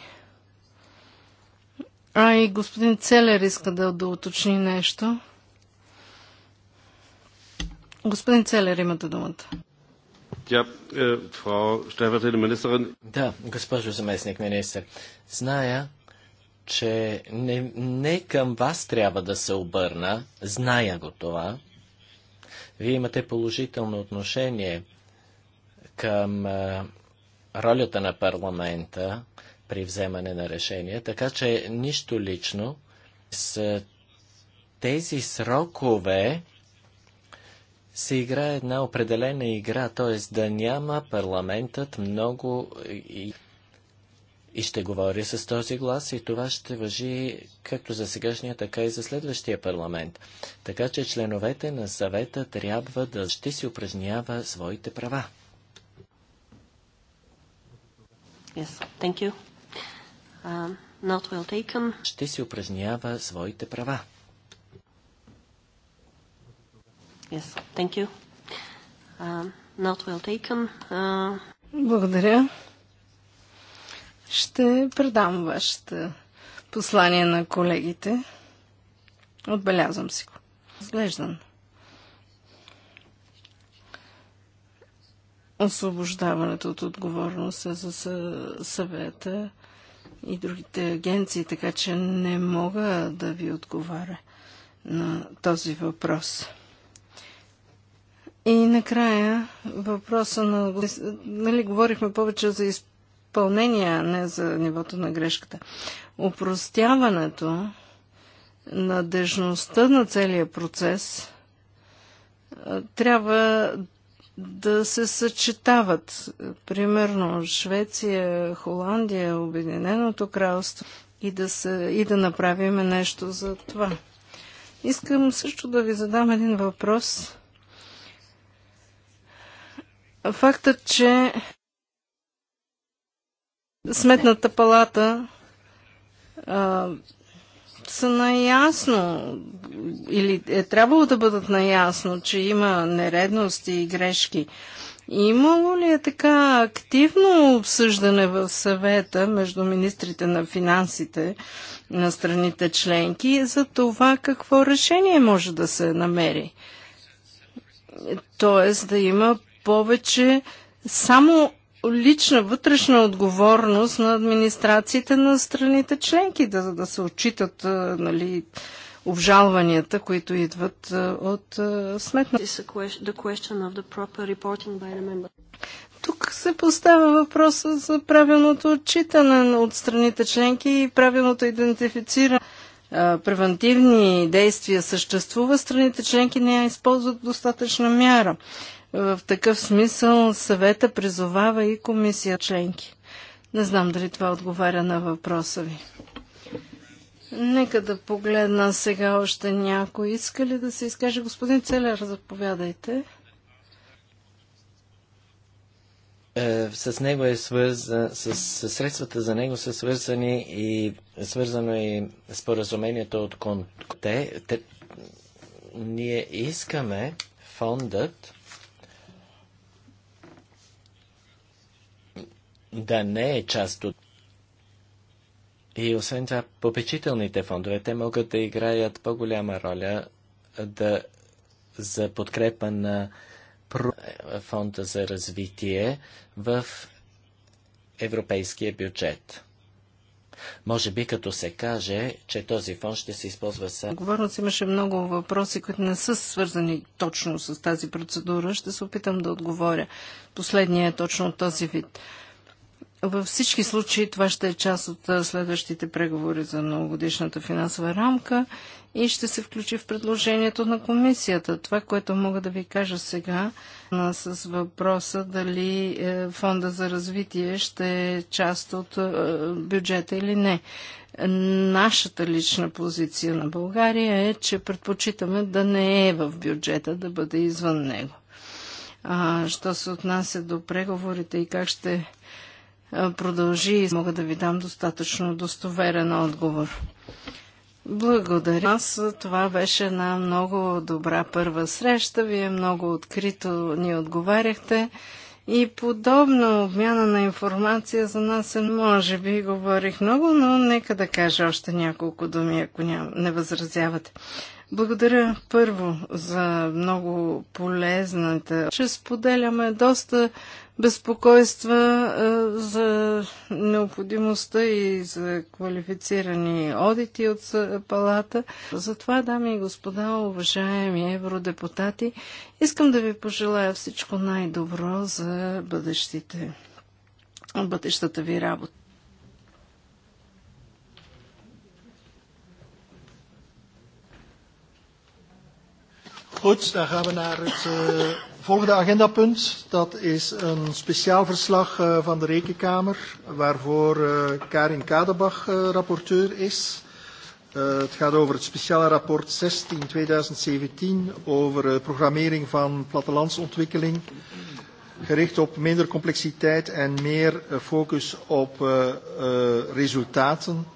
А и господин Целер иска да, да уточни нещо. Господин Целер, имате думата. Е, да, госпожо заместник министр. Зная, че не, не към вас трябва да се обърна. Зная го това. Вие имате положително отношение към е, ролята на парламента при вземане на решения, така че нищо лично с тези срокове се играе една определена игра, т.е. да няма парламентът много и, и ще говори с този глас и това ще въжи както за сегашния, така и за следващия парламент. Така че членовете на съвета трябва да ще си упражнява своите права. Yes, thank you. Um, not Ще си упражнява своите права. Yes, thank you. Um, not Uh... Благодаря. Ще предам вашето послание на колегите. Отбелязвам си го. Изглеждан. освобождаването от отговорност за съвета и другите агенции, така че не мога да ви отговаря на този въпрос. И накрая въпроса на... Нали, говорихме повече за изпълнение, а не за нивото на грешката. Опростяването, надежността на целия процес трябва да се съчетават. Примерно Швеция, Холандия, Обединеното кралство и да, се, и да направим нещо за това. Искам също да ви задам един въпрос. Фактът, че Сметната палата а, са наясно или е трябвало да бъдат наясно, че има нередности и грешки. Имало ли е така активно обсъждане в съвета между министрите на финансите на страните членки за това какво решение може да се намери? Тоест да има повече само лична вътрешна отговорност на администрациите на страните членки да, да се отчитат нали, обжалванията, които идват от сметната. Тук се поставя въпроса за правилното отчитане от страните членки и правилното идентифициране. Превентивни действия съществува, страните членки не я използват достатъчна мяра. В такъв смисъл съвета призовава и комисия членки. Не знам дали това отговаря на въпроса ви. Нека да погледна сега още някой. Иска ли да се изкаже? Господин Целер, заповядайте. Е, с него е свързано, с, средствата за него са свързани и свързано и е споразумението от Конте. ние искаме фондът да не е част от... И освен това, попечителните фондове, те могат да играят по-голяма роля да, за подкрепа на фонда за развитие в европейския бюджет. Може би като се каже, че този фонд ще се използва само. Говорят имаше много въпроси, които не са свързани точно с тази процедура. Ще се опитам да отговоря. Последният е точно от този вид. Във всички случаи това ще е част от следващите преговори за многогодишната финансова рамка и ще се включи в предложението на комисията. Това, което мога да ви кажа сега с въпроса дали е, фонда за развитие ще е част от бюджета или не. Нашата лична позиция на България е, че предпочитаме да не е в бюджета, да бъде извън него. А, що се отнася до преговорите и как ще продължи и мога да ви дам достатъчно достоверен отговор. Благодаря. Аз това беше една много добра първа среща. Вие много открито ни отговаряхте. И подобна обмяна на информация за нас е, може би, говорих много, но нека да кажа още няколко думи, ако ням, не възразявате. Благодаря първо за много полезната, че споделяме доста безпокойства за необходимостта и за квалифицирани одити от палата. Затова, дами и господа, уважаеми евродепутати, искам да ви пожелая всичко най-добро за бъдещите, бъдещата ви работа. Goed, dan gaan we naar het uh, volgende agendapunt, dat is een speciaal verslag van de Rekenkamer, waarvoor Karin Kadenbach rapporteur is. Het gaat over het speciale rapport 16 2017 over programmering van plattelandsontwikkeling, gericht op minder complexiteit en meer focus op resultaten.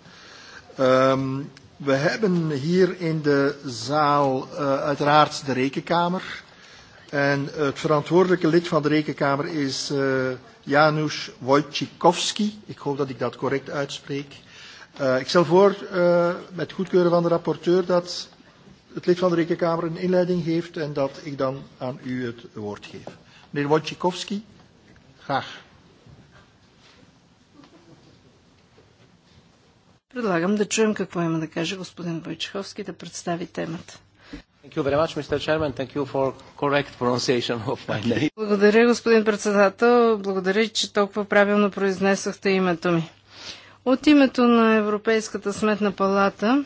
We hebben hier in de zaal uiteraard de Rekenkamer En het verantwoordelijke lid van de Rekenkamer is uh, Janusz Wojcikowski. Ik hoop dat ik dat correct uitspreek. Uh, ik stel voor, uh, met goedkeuren van de rapporteur, dat het lid van de Rekenkamer een inleiding geeft en dat ik dan aan u het woord geef. Meneer Wojcikowski, graag. Предлагам да чуем какво има да каже господин Войчеховски да представи темата much, Благодаря, господин председател. Благодаря, че толкова правилно произнесохте името ми. От името на Европейската сметна палата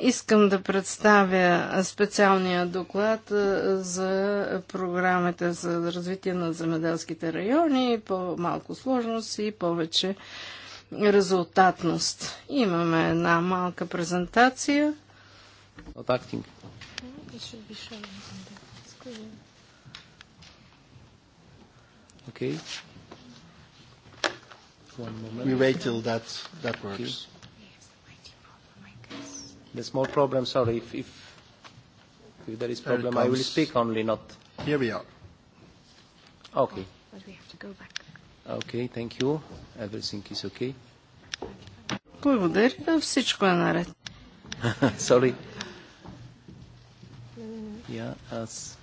искам да представя специалния доклад за програмите за развитие на земеделските райони, по-малко сложност и повече резултатност. Имаме една малка презентация. Not acting. Okay. One moment. We wait till that that works. Okay. There's more problem. Sorry, if if, if there is problem, I will speak only, not. Here we are. Okay. But we have to go back. Okay, thank you. Everything is okay. Благодаря. Всичко е наред. Sorry here as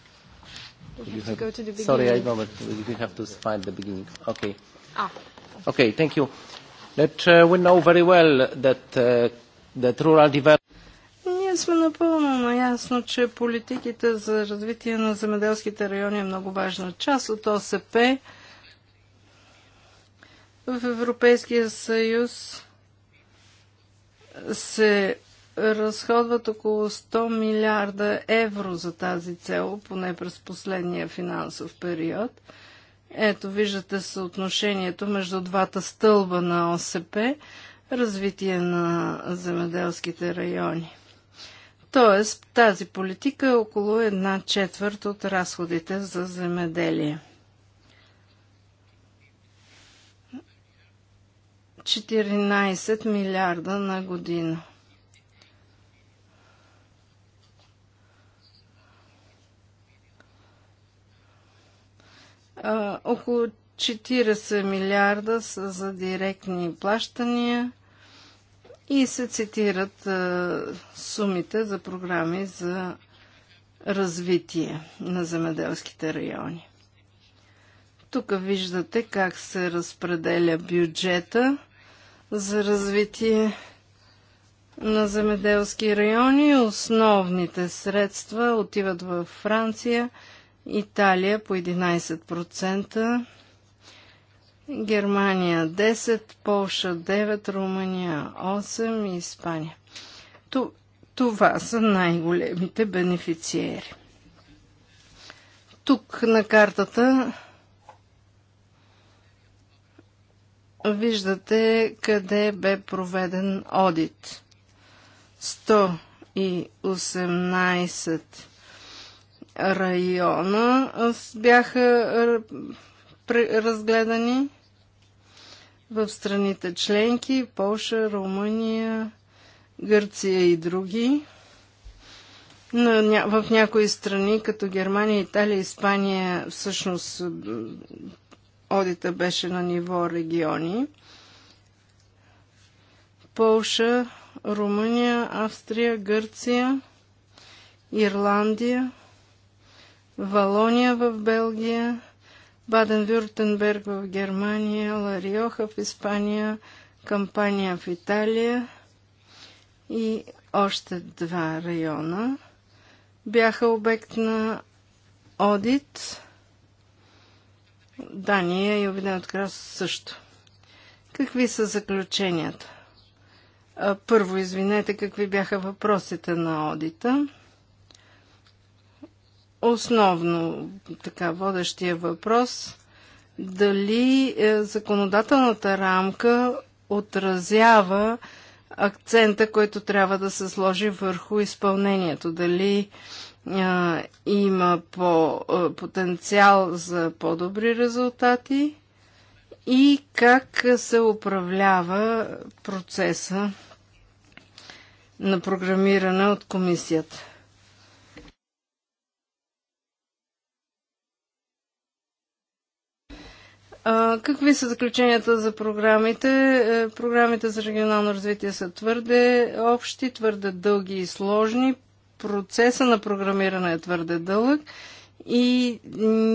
we have, you have to go to the beginning. Sorry, I know, but we have to find the beginning. Okay. Ah. Okay, thank you. That uh, we know very well that uh, that rural development. Ние сме напълно наясно, че политиките за развитие на земеделските райони е много важна част от ОСП. В Европейския съюз се разходват около 100 милиарда евро за тази цел, поне през последния финансов период. Ето, виждате съотношението между двата стълба на ОСП, развитие на земеделските райони. Тоест, тази политика е около една четвърт от разходите за земеделие. 14 милиарда на година. около 40 милиарда са за директни плащания и се цитират а, сумите за програми за развитие на земеделските райони. Тук виждате как се разпределя бюджета за развитие на земеделски райони. Основните средства отиват в Франция – Италия по 11%, Германия 10%, Полша 9%, Румъния 8% и Испания. Това са най-големите бенефициери. Тук на картата виждате къде бе проведен одит. 118 района бяха разгледани в страните членки Полша, Румъния, Гърция и други. Но в някои страни, като Германия, Италия, Испания, всъщност одита беше на ниво региони. Полша, Румъния, Австрия, Гърция, Ирландия – Валония в Белгия, Баден-Вюртенберг в Германия, Лариоха в Испания, Кампания в Италия и още два района бяха обект на одит. Дания и Обединеното кралство също. Какви са заключенията? Първо, извинете, какви бяха въпросите на одита? основно така водещия въпрос дали е, законодателната рамка отразява акцента, който трябва да се сложи върху изпълнението. Дали а, е, има по, а, е, потенциал за по-добри резултати и как се управлява процеса на програмиране от комисията. какви са заключенията за програмите? Е, програмите за регионално развитие са твърде общи, твърде дълги и сложни. Процеса на програмиране е твърде дълъг и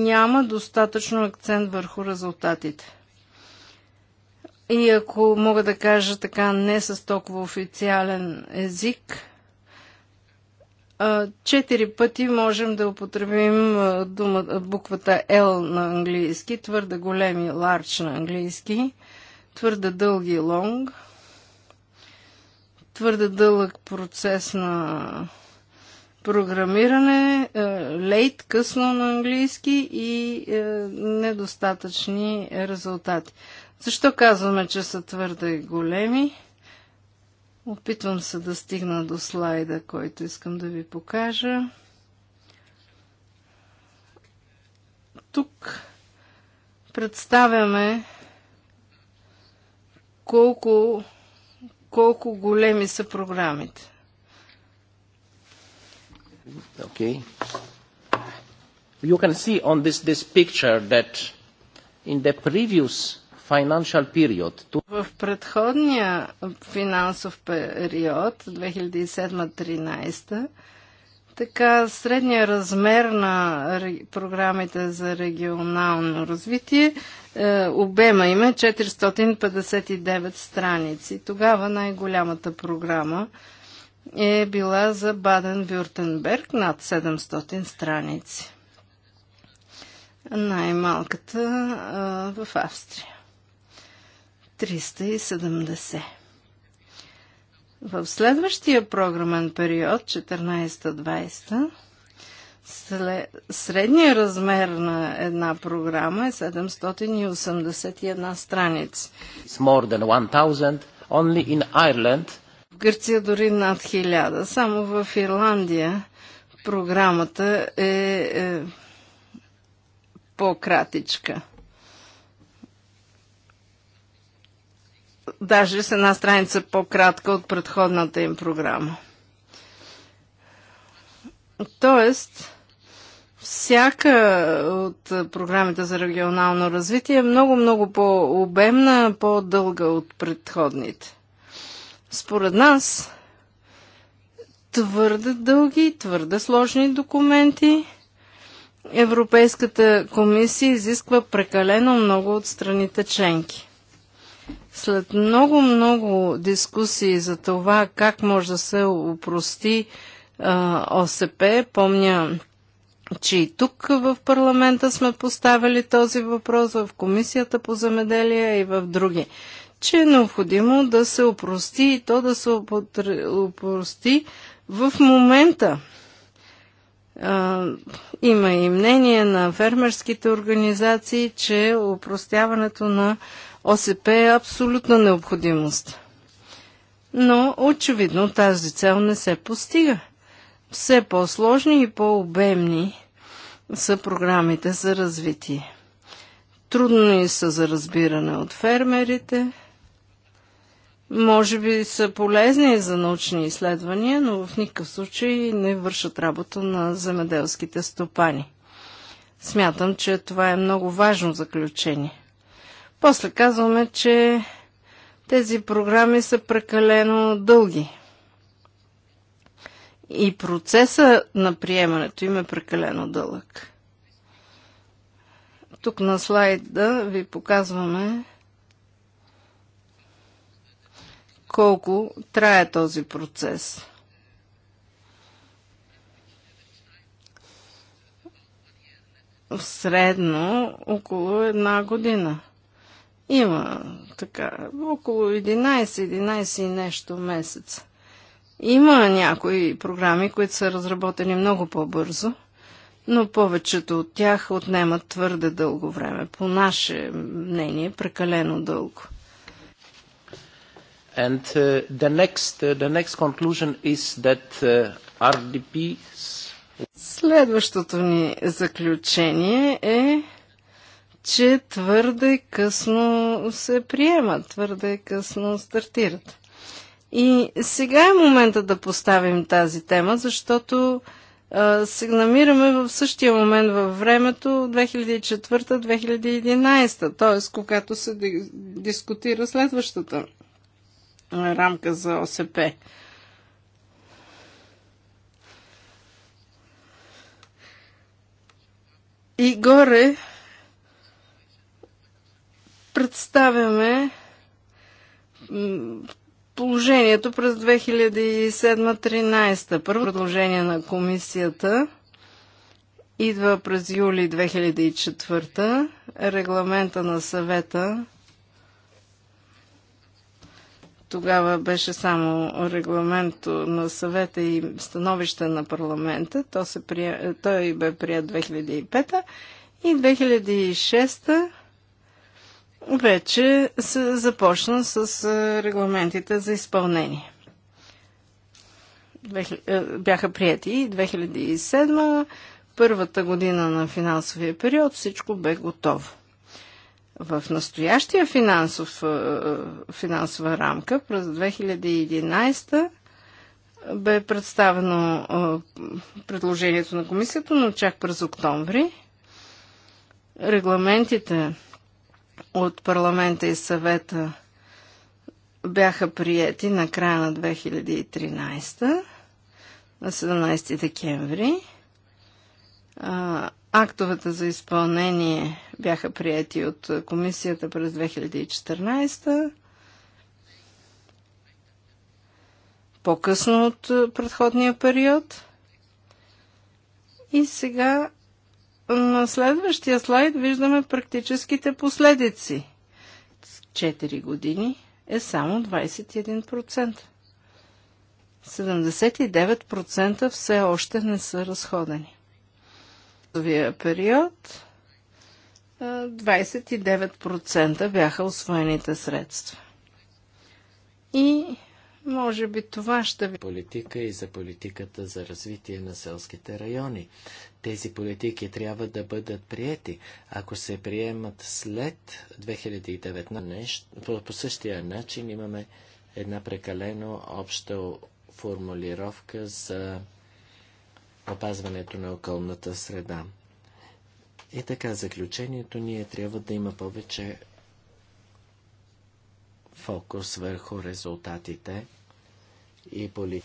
няма достатъчно акцент върху резултатите. И ако мога да кажа така не с толкова официален език, Четири пъти можем да употребим буквата L на английски, твърде големи large на английски, твърде дълги long, твърде дълъг процес на програмиране, лейт, късно на английски и е, недостатъчни резултати. Защо казваме, че са твърде големи? Опитвам се да стигна до слайда, който искам да ви покажа. Тук представяме колко, колко големи са програмите. Okay. You can see on this, this picture that in the previous financial period. В предходния финансов период, 2007-2013, така средния размер на програмите за регионално развитие, е, обема им е 459 страници. Тогава най-голямата програма е била за Баден-Вюртенберг над 700 страници. Най-малката е, в Австрия. 370. В следващия програмен период, 14-20, средният размер на една програма е 781 страници. В Гърция дори над 1000. Само в Ирландия програмата е, е по-кратичка. даже с една страница по-кратка от предходната им програма. Тоест, всяка от програмите за регионално развитие е много-много по-обемна, по-дълга от предходните. Според нас, твърде дълги, твърде сложни документи. Европейската комисия изисква прекалено много от страните членки. След много-много дискусии за това как може да се упрости ОСП, помня, че и тук в парламента сме поставили този въпрос, в Комисията по земеделие и в други, че е необходимо да се опрости и то да се опрости в момента. А, има и мнение на фермерските организации, че упростяването на ОСП е абсолютна необходимост. Но очевидно тази цел не се постига. Все по-сложни и по-обемни са програмите за развитие. Трудни са за разбиране от фермерите. Може би са полезни за научни изследвания, но в никакъв случай не вършат работа на земеделските стопани. Смятам, че това е много важно заключение. После казваме, че тези програми са прекалено дълги. И процеса на приемането им е прекалено дълъг. Тук на слайда ви показваме колко трае този процес. В средно около една година. Има така около 11-11 и нещо месеца. Има някои програми, които са разработени много по-бързо, но повечето от тях отнемат твърде дълго време. По наше мнение, прекалено дълго. And uh, the next, uh, the next conclusion is that uh, RDP Следващото ни заключение е, че твърде късно се приемат, твърде късно стартират. И сега е момента да поставим тази тема, защото а, се намираме в същия момент във времето 2004-2011, т.е. когато се дискутира следващата рамка за ОСП. И горе представяме положението през 2007-13. Първо предложение на комисията идва през юли 2004. Регламента на съвета тогава беше само регламент на съвета и становище на парламента. То се Той бе прият 2005 и 2006 вече се започна с регламентите за изпълнение. Бяха прияти 2007, първата година на финансовия период, всичко бе готово. В настоящия финансов, финансова рамка през 2011 бе представено предложението на комисията, но чак през октомври регламентите от парламента и съвета бяха приети на края на 2013, на 17 декември. актовете за изпълнение бяха приети от комисията през 2014. По-късно от предходния период. И сега на следващия слайд виждаме практическите последици. 4 години е само 21%. 79% все още не са разходени. В период 29% бяха освоените средства. И може би това ще ви... Политика и за политиката за развитие на селските райони. Тези политики трябва да бъдат приети. Ако се приемат след 2019 нещо, по, същия начин имаме една прекалено обща формулировка за опазването на околната среда. И така, заключението ние трябва да има повече фокус върху резултатите и поли.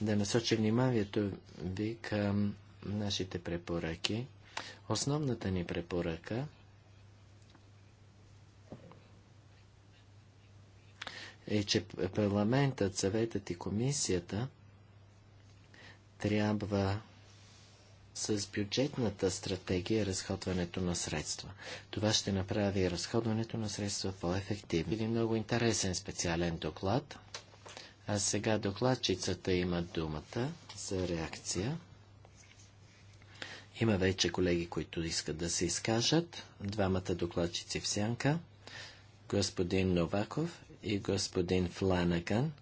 Да насочи вниманието ви към нашите препоръки. Основната ни препоръка е, че парламентът, съветът и комисията трябва с бюджетната стратегия разходването на средства. Това ще направи разходването на средства по-ефективно. Един много интересен специален доклад. А сега докладчицата има думата за реакция. Има вече колеги, които искат да се изкажат. Двамата докладчици в сянка. Господин Новаков и господин Фланаган.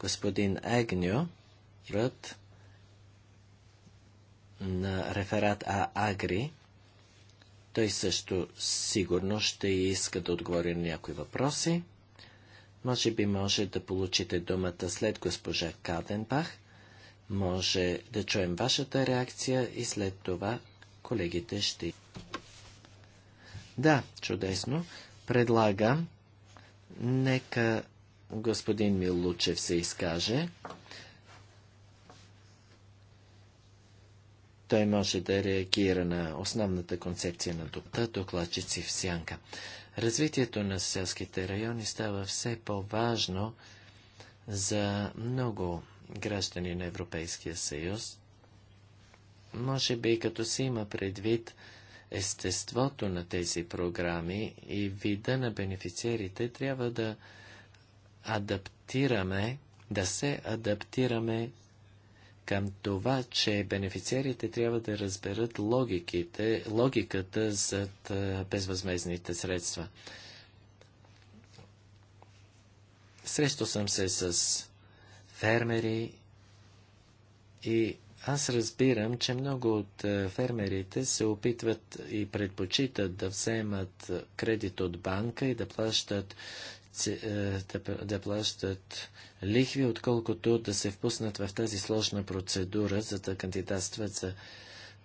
Господин Агньо. Рът на реферат А Агри, той също сигурно ще иска да отговори на някои въпроси. Може би може да получите думата след госпожа Каденбах. Може да чуем вашата реакция и след това колегите ще... Да, чудесно. Предлагам, нека господин Милучев се изкаже. той може да реагира на основната концепция на дупта, докладчици в сянка. Развитието на селските райони става все по-важно за много граждани на Европейския съюз. Може би като се има предвид естеството на тези програми и вида на бенефициерите, трябва да адаптираме, да се адаптираме към това, че бенефициарите трябва да разберат логиките, логиката за безвъзмезните средства. Срещал съм се с фермери и аз разбирам, че много от фермерите се опитват и предпочитат да вземат кредит от банка и да плащат е, да, да плащат лихви, отколкото да се впуснат в тази сложна процедура, за да кандидатстват за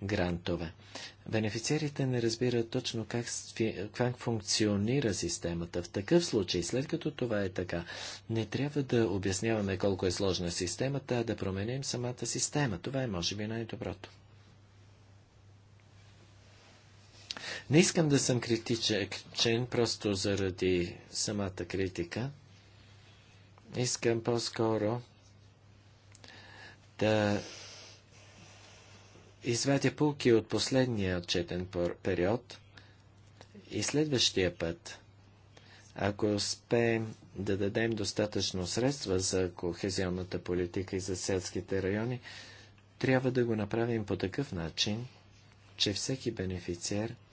грантове. Бенефициерите не разбират точно как, как функционира системата. В такъв случай, след като това е така, не трябва да обясняваме колко е сложна системата, а да променим самата система. Това е, може би, най-доброто. Не искам да съм критичен просто заради самата критика. Искам по-скоро да извадя пулки от последния отчетен период и следващия път, ако успеем да дадем достатъчно средства за кохезионната политика и за селските райони, трябва да го направим по такъв начин, че всеки бенефициер –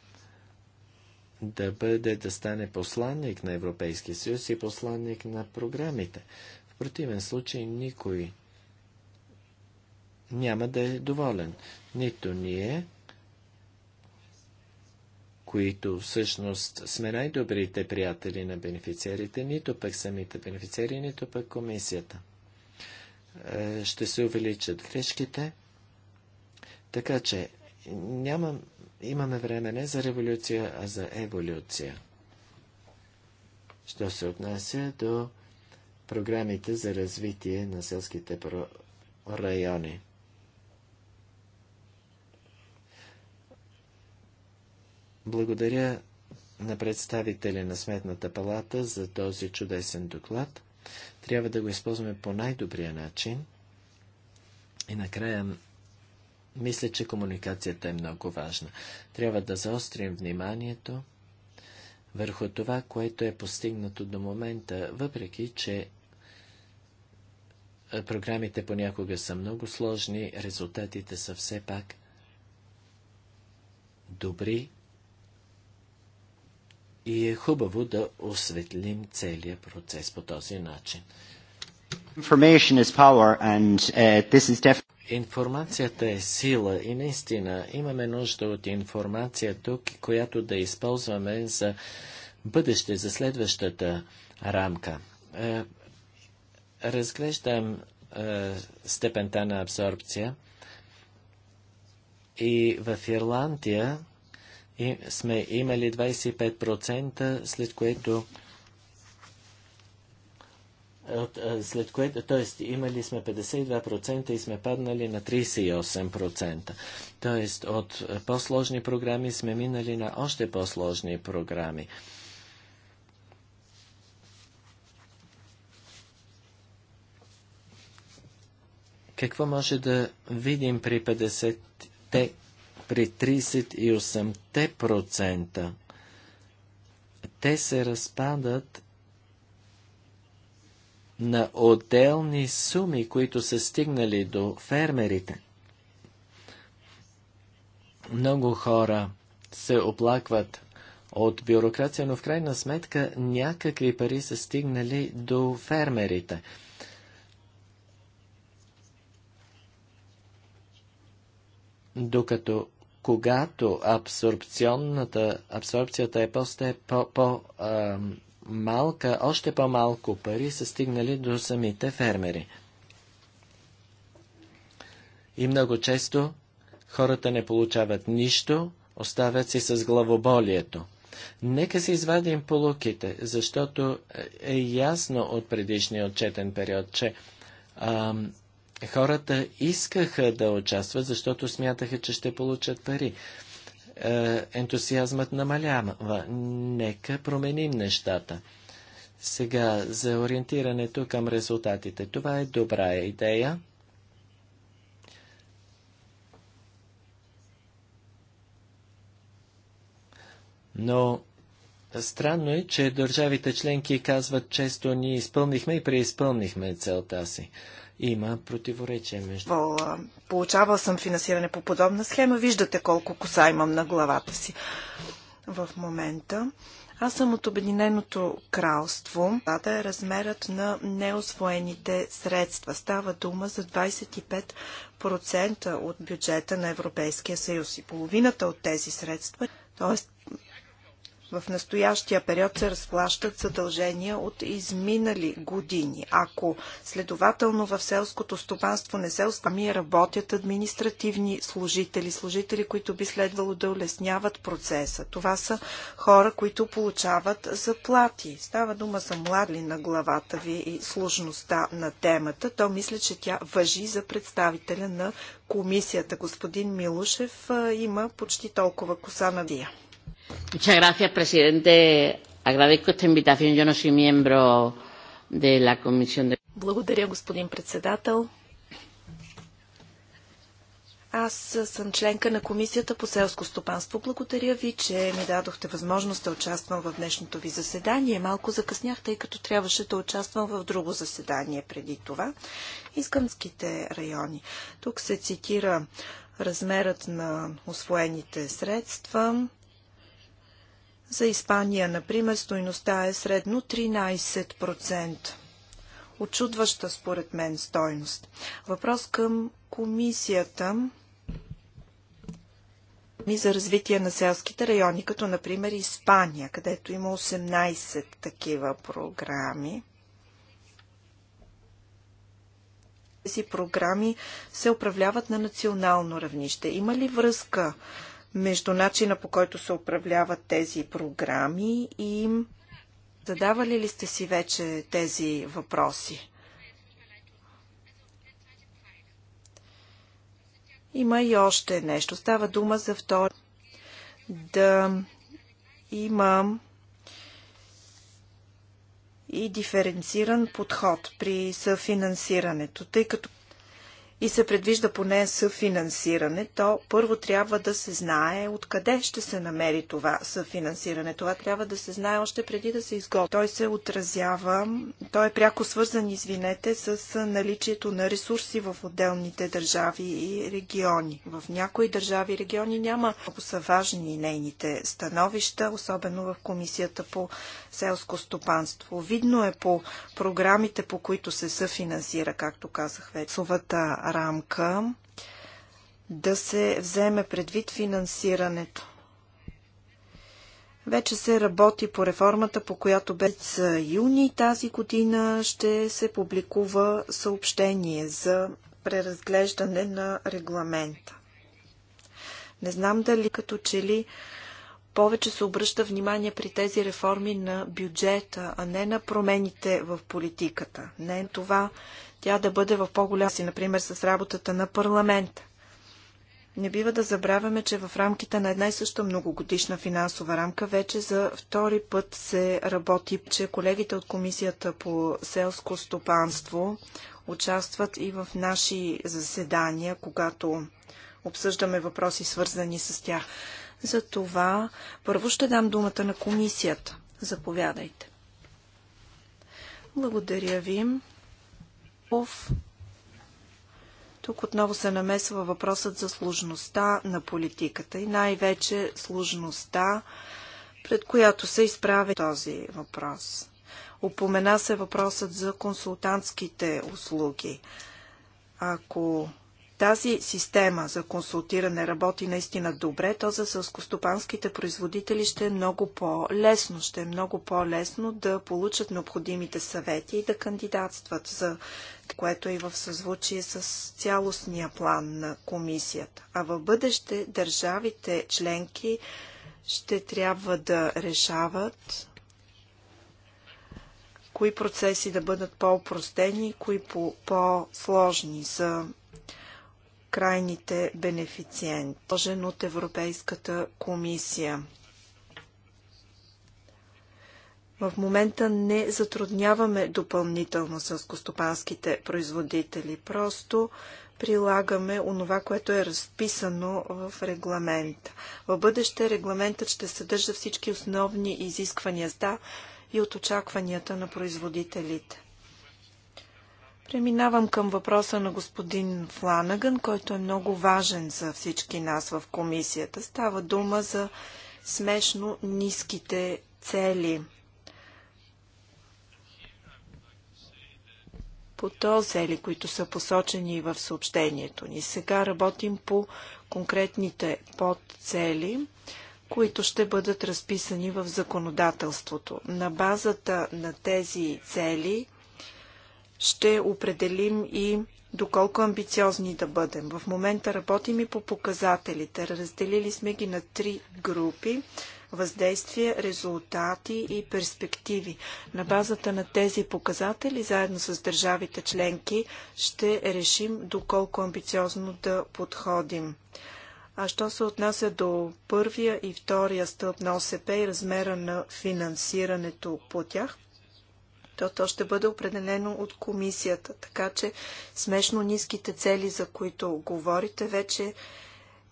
да бъде, да стане посланник на Европейския съюз и посланник на програмите. В противен случай никой няма да е доволен. Нито ние, които всъщност сме най-добрите приятели на бенефициерите, нито пък самите бенефициери, нито пък комисията. Е, ще се увеличат грешките, така че нямам имаме време не за революция, а за еволюция. Що се отнася до програмите за развитие на селските райони. Благодаря на представители на Сметната палата за този чудесен доклад. Трябва да го използваме по най-добрия начин. И накрая мисля, че комуникацията е много важна. Трябва да заострим вниманието върху това, което е постигнато до момента, въпреки че програмите понякога са много сложни, резултатите са все пак добри и е хубаво да осветлим целият процес по този начин. Информацията е сила и наистина имаме нужда от информация тук, която да използваме за бъдеще, за следващата рамка. Е, разглеждам е, степента на абсорбция и в Ирландия сме имали 25%, след което от, след което, т.е. имали сме 52% и сме паднали на 38%. Т.е. от по-сложни програми сме минали на още по-сложни програми. Какво може да видим при 50-те, при 38-те процента? Те се разпадат на отделни суми, които са стигнали до фермерите. Много хора се оплакват от бюрокрация, но в крайна сметка някакви пари са стигнали до фермерите. Докато когато абсорбцията е по по, по, по, малка, още по-малко пари са стигнали до самите фермери. И много често хората не получават нищо, оставят си с главоболието. Нека си извадим полуките, защото е, е ясно от предишния отчетен период, че а, хората искаха да участват, защото смятаха, че ще получат пари. Е, ентусиазмът намалява. Нека променим нещата. Сега за ориентирането към резултатите. Това е добра идея. Но странно е, че държавите членки казват често ние изпълнихме и преизпълнихме целта си има противоречие между... Получавал съм финансиране по подобна схема. Виждате колко коса имам на главата си в момента. Аз съм от Обединеното кралство. това е размерът на неосвоените средства. Става дума за 25% от бюджета на Европейския съюз и половината от тези средства, т.е. В настоящия период се разплащат задължения от изминали години. Ако следователно в селското стопанство не се ами работят административни служители, служители, които би следвало да улесняват процеса. Това са хора, които получават заплати. Става дума за младли на главата ви и сложността на темата. То мисля, че тя въжи за представителя на комисията. Господин Милушев има почти толкова коса на дия señor presidente. Agradezco esta invitación. Yo no soy miembro de la Comisión de... Благодаря, господин председател. Аз съм членка на Комисията по селско стопанство. Благодаря ви, че ми дадохте възможност да участвам в днешното ви заседание. Малко закъснях, тъй като трябваше да участвам в друго заседание преди това. Искъмските райони. Тук се цитира размерът на освоените средства, за Испания, например, стойността е средно 13%. Очудваща, според мен, стойност. Въпрос към комисията ми за развитие на селските райони, като например Испания, където има 18 такива програми. Тези програми се управляват на национално равнище. Има ли връзка между начина по който се управляват тези програми и задавали ли сте си вече тези въпроси? Има и още нещо. Става дума за втори. Да има и диференциран подход при съфинансирането, тъй като и се предвижда поне съфинансиране, то първо трябва да се знае откъде ще се намери това съфинансиране. Това трябва да се знае още преди да се изготви. Той се отразява, той е пряко свързан, извинете, с наличието на ресурси в отделните държави и региони. В някои държави и региони няма много са важни нейните становища, особено в Комисията по селско стопанство. Видно е по програмите, по които се съфинансира, както казах вече рамка да се вземе предвид финансирането. Вече се работи по реформата, по която без юни тази година ще се публикува съобщение за преразглеждане на регламента. Не знам дали като че ли повече се обръща внимание при тези реформи на бюджета, а не на промените в политиката. Не е това тя да бъде в по-голяма си, например, с работата на парламента. Не бива да забравяме, че в рамките на една и съща многогодишна финансова рамка вече за втори път се работи, че колегите от Комисията по селско стопанство участват и в наши заседания, когато обсъждаме въпроси свързани с тях. За това първо ще дам думата на комисията. Заповядайте. Благодаря ви. Попов. Тук отново се намесва въпросът за сложността на политиката и най-вече сложността, пред която се изправя този въпрос. Опомена се въпросът за консултантските услуги. Ако тази система за консултиране работи наистина добре, то за сълскостопанските производители ще е много по-лесно. Ще е много по-лесно да получат необходимите съвети и да кандидатстват за което е и в съзвучие с цялостния план на комисията. А в бъдеще държавите членки ще трябва да решават кои процеси да бъдат по-опростени, кои по-сложни за крайните бенефициенти, Тожен от Европейската комисия. В момента не затрудняваме допълнително сълскостопанските производители, просто прилагаме онова, което е разписано в регламента. В бъдеще регламентът ще съдържа всички основни изисквания да и от очакванията на производителите. Преминавам към въпроса на господин Фланаган, който е много важен за всички нас в комисията. Става дума за смешно ниските цели. По то цели, които са посочени в съобщението ни. Сега работим по конкретните подцели, които ще бъдат разписани в законодателството. На базата на тези цели – ще определим и доколко амбициозни да бъдем. В момента работим и по показателите. Разделили сме ги на три групи въздействие, резултати и перспективи. На базата на тези показатели, заедно с държавите членки, ще решим доколко амбициозно да подходим. А що се отнася до първия и втория стълб на ОСП и размера на финансирането по тях, то, то ще бъде определено от комисията. Така че смешно ниските цели, за които говорите, вече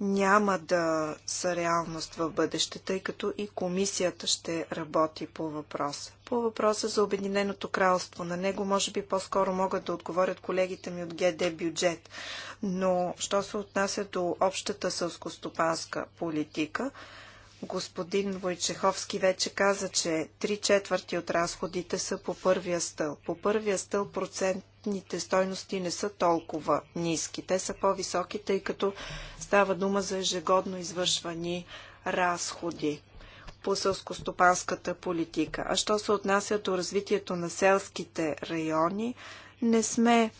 няма да са реалност в бъдеще, тъй като и комисията ще работи по въпроса. По въпроса за Обединеното кралство, на него може би по-скоро могат да отговорят колегите ми от ГД бюджет, но що се отнася до общата сълскостопанска политика, Господин Войчеховски вече каза, че три четвърти от разходите са по първия стъл. По първия стъл процентните стойности не са толкова ниски. Те са по-високи, тъй като става дума за ежегодно извършвани разходи по сълскостопанската политика. А що се отнася до развитието на селските райони, не сме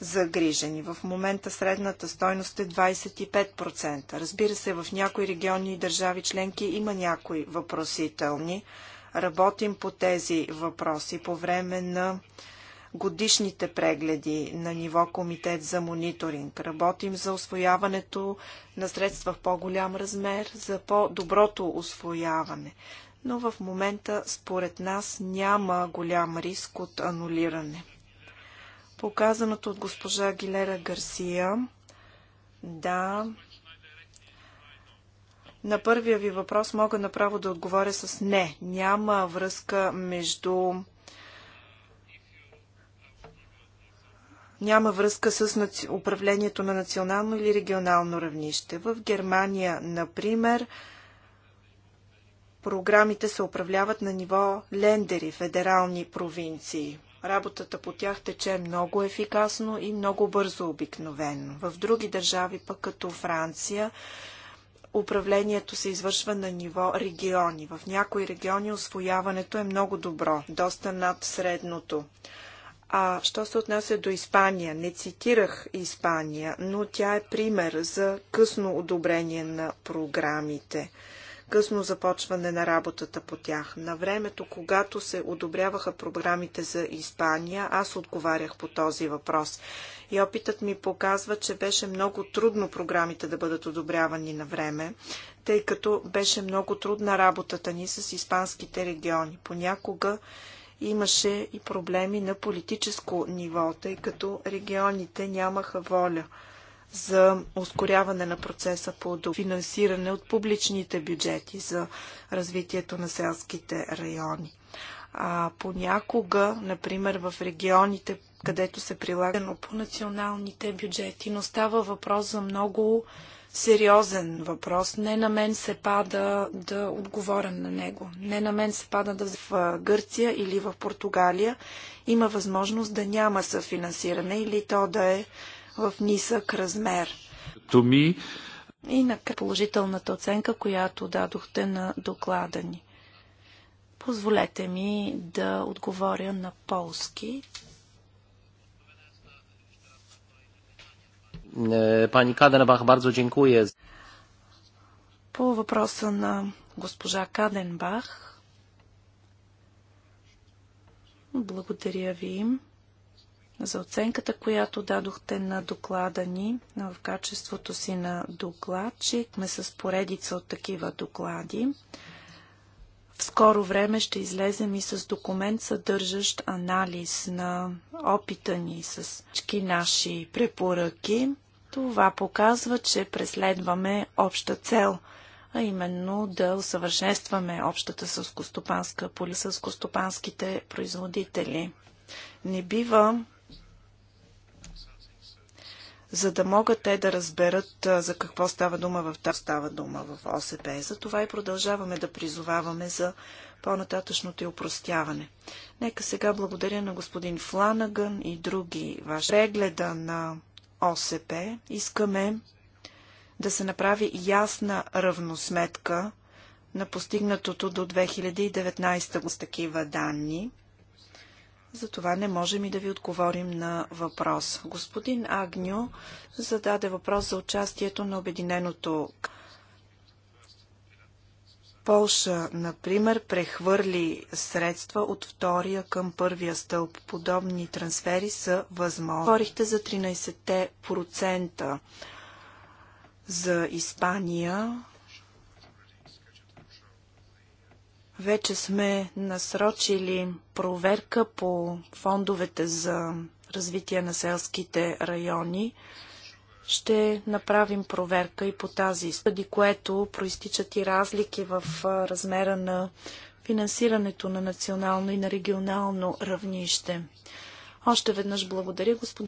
загрижени. В момента средната стойност е 25%. Разбира се, в някои региони и държави членки има някои въпросителни. Работим по тези въпроси по време на годишните прегледи на ниво комитет за мониторинг. Работим за освояването на средства в по-голям размер, за по-доброто освояване. Но в момента, според нас, няма голям риск от анулиране. Показаното от госпожа Гилера Гарсия. Да. На първия ви въпрос мога направо да отговоря с не. Няма връзка между няма връзка с управлението на национално или регионално равнище. В Германия, например, програмите се управляват на ниво лендери, федерални провинции. Работата по тях тече много ефикасно и много бързо обикновено. В други държави, пък като Франция, управлението се извършва на ниво региони. В някои региони освояването е много добро, доста над средното. А що се отнася до Испания? Не цитирах Испания, но тя е пример за късно одобрение на програмите късно започване на работата по тях. На времето, когато се одобряваха програмите за Испания, аз отговарях по този въпрос. И опитът ми показва, че беше много трудно програмите да бъдат одобрявани на време, тъй като беше много трудна работата ни с испанските региони. Понякога имаше и проблеми на политическо ниво, тъй като регионите нямаха воля – за ускоряване на процеса по финансиране от публичните бюджети за развитието на селските райони. А понякога, например, в регионите, където се прилага по националните бюджети, но става въпрос за много сериозен въпрос. Не на мен се пада да отговоря на него. Не на мен се пада да в Гърция или в Португалия има възможност да няма съфинансиране или то да е в нисък размер. И на положителната оценка, която дадохте на доклада ни. Позволете ми да отговоря на полски. Е, пани Каденбах, бързо dziękuję. По въпроса на госпожа Каденбах, благодаря ви. им за оценката, която дадохте на доклада ни в качеството си на докладчик. Ме с поредица от такива доклади. В скоро време ще излезем и с документ, съдържащ анализ на опита ни с всички наши препоръки. Това показва, че преследваме обща цел, а именно да усъвършенстваме общата съскостопанска поли, производители. Не бива за да могат те да разберат за какво става дума в тази става дума в ОСП. За това и продължаваме да призоваваме за по-нататъчното и упростяване. Нека сега благодаря на господин Фланаган и други ваши прегледа на ОСП. Искаме да се направи ясна равносметка на постигнатото до 2019 с такива данни – затова не можем и да ви отговорим на въпрос. Господин Агню зададе въпрос за участието на Обединеното Полша, например, прехвърли средства от втория към първия стълб. Подобни трансфери са възможни. Говорихте за 13% за Испания. Вече сме насрочили проверка по фондовете за развитие на селските райони. Ще направим проверка и по тази, поради което проистичат и разлики в размера на финансирането на национално и на регионално равнище. Още веднъж благодаря, господин.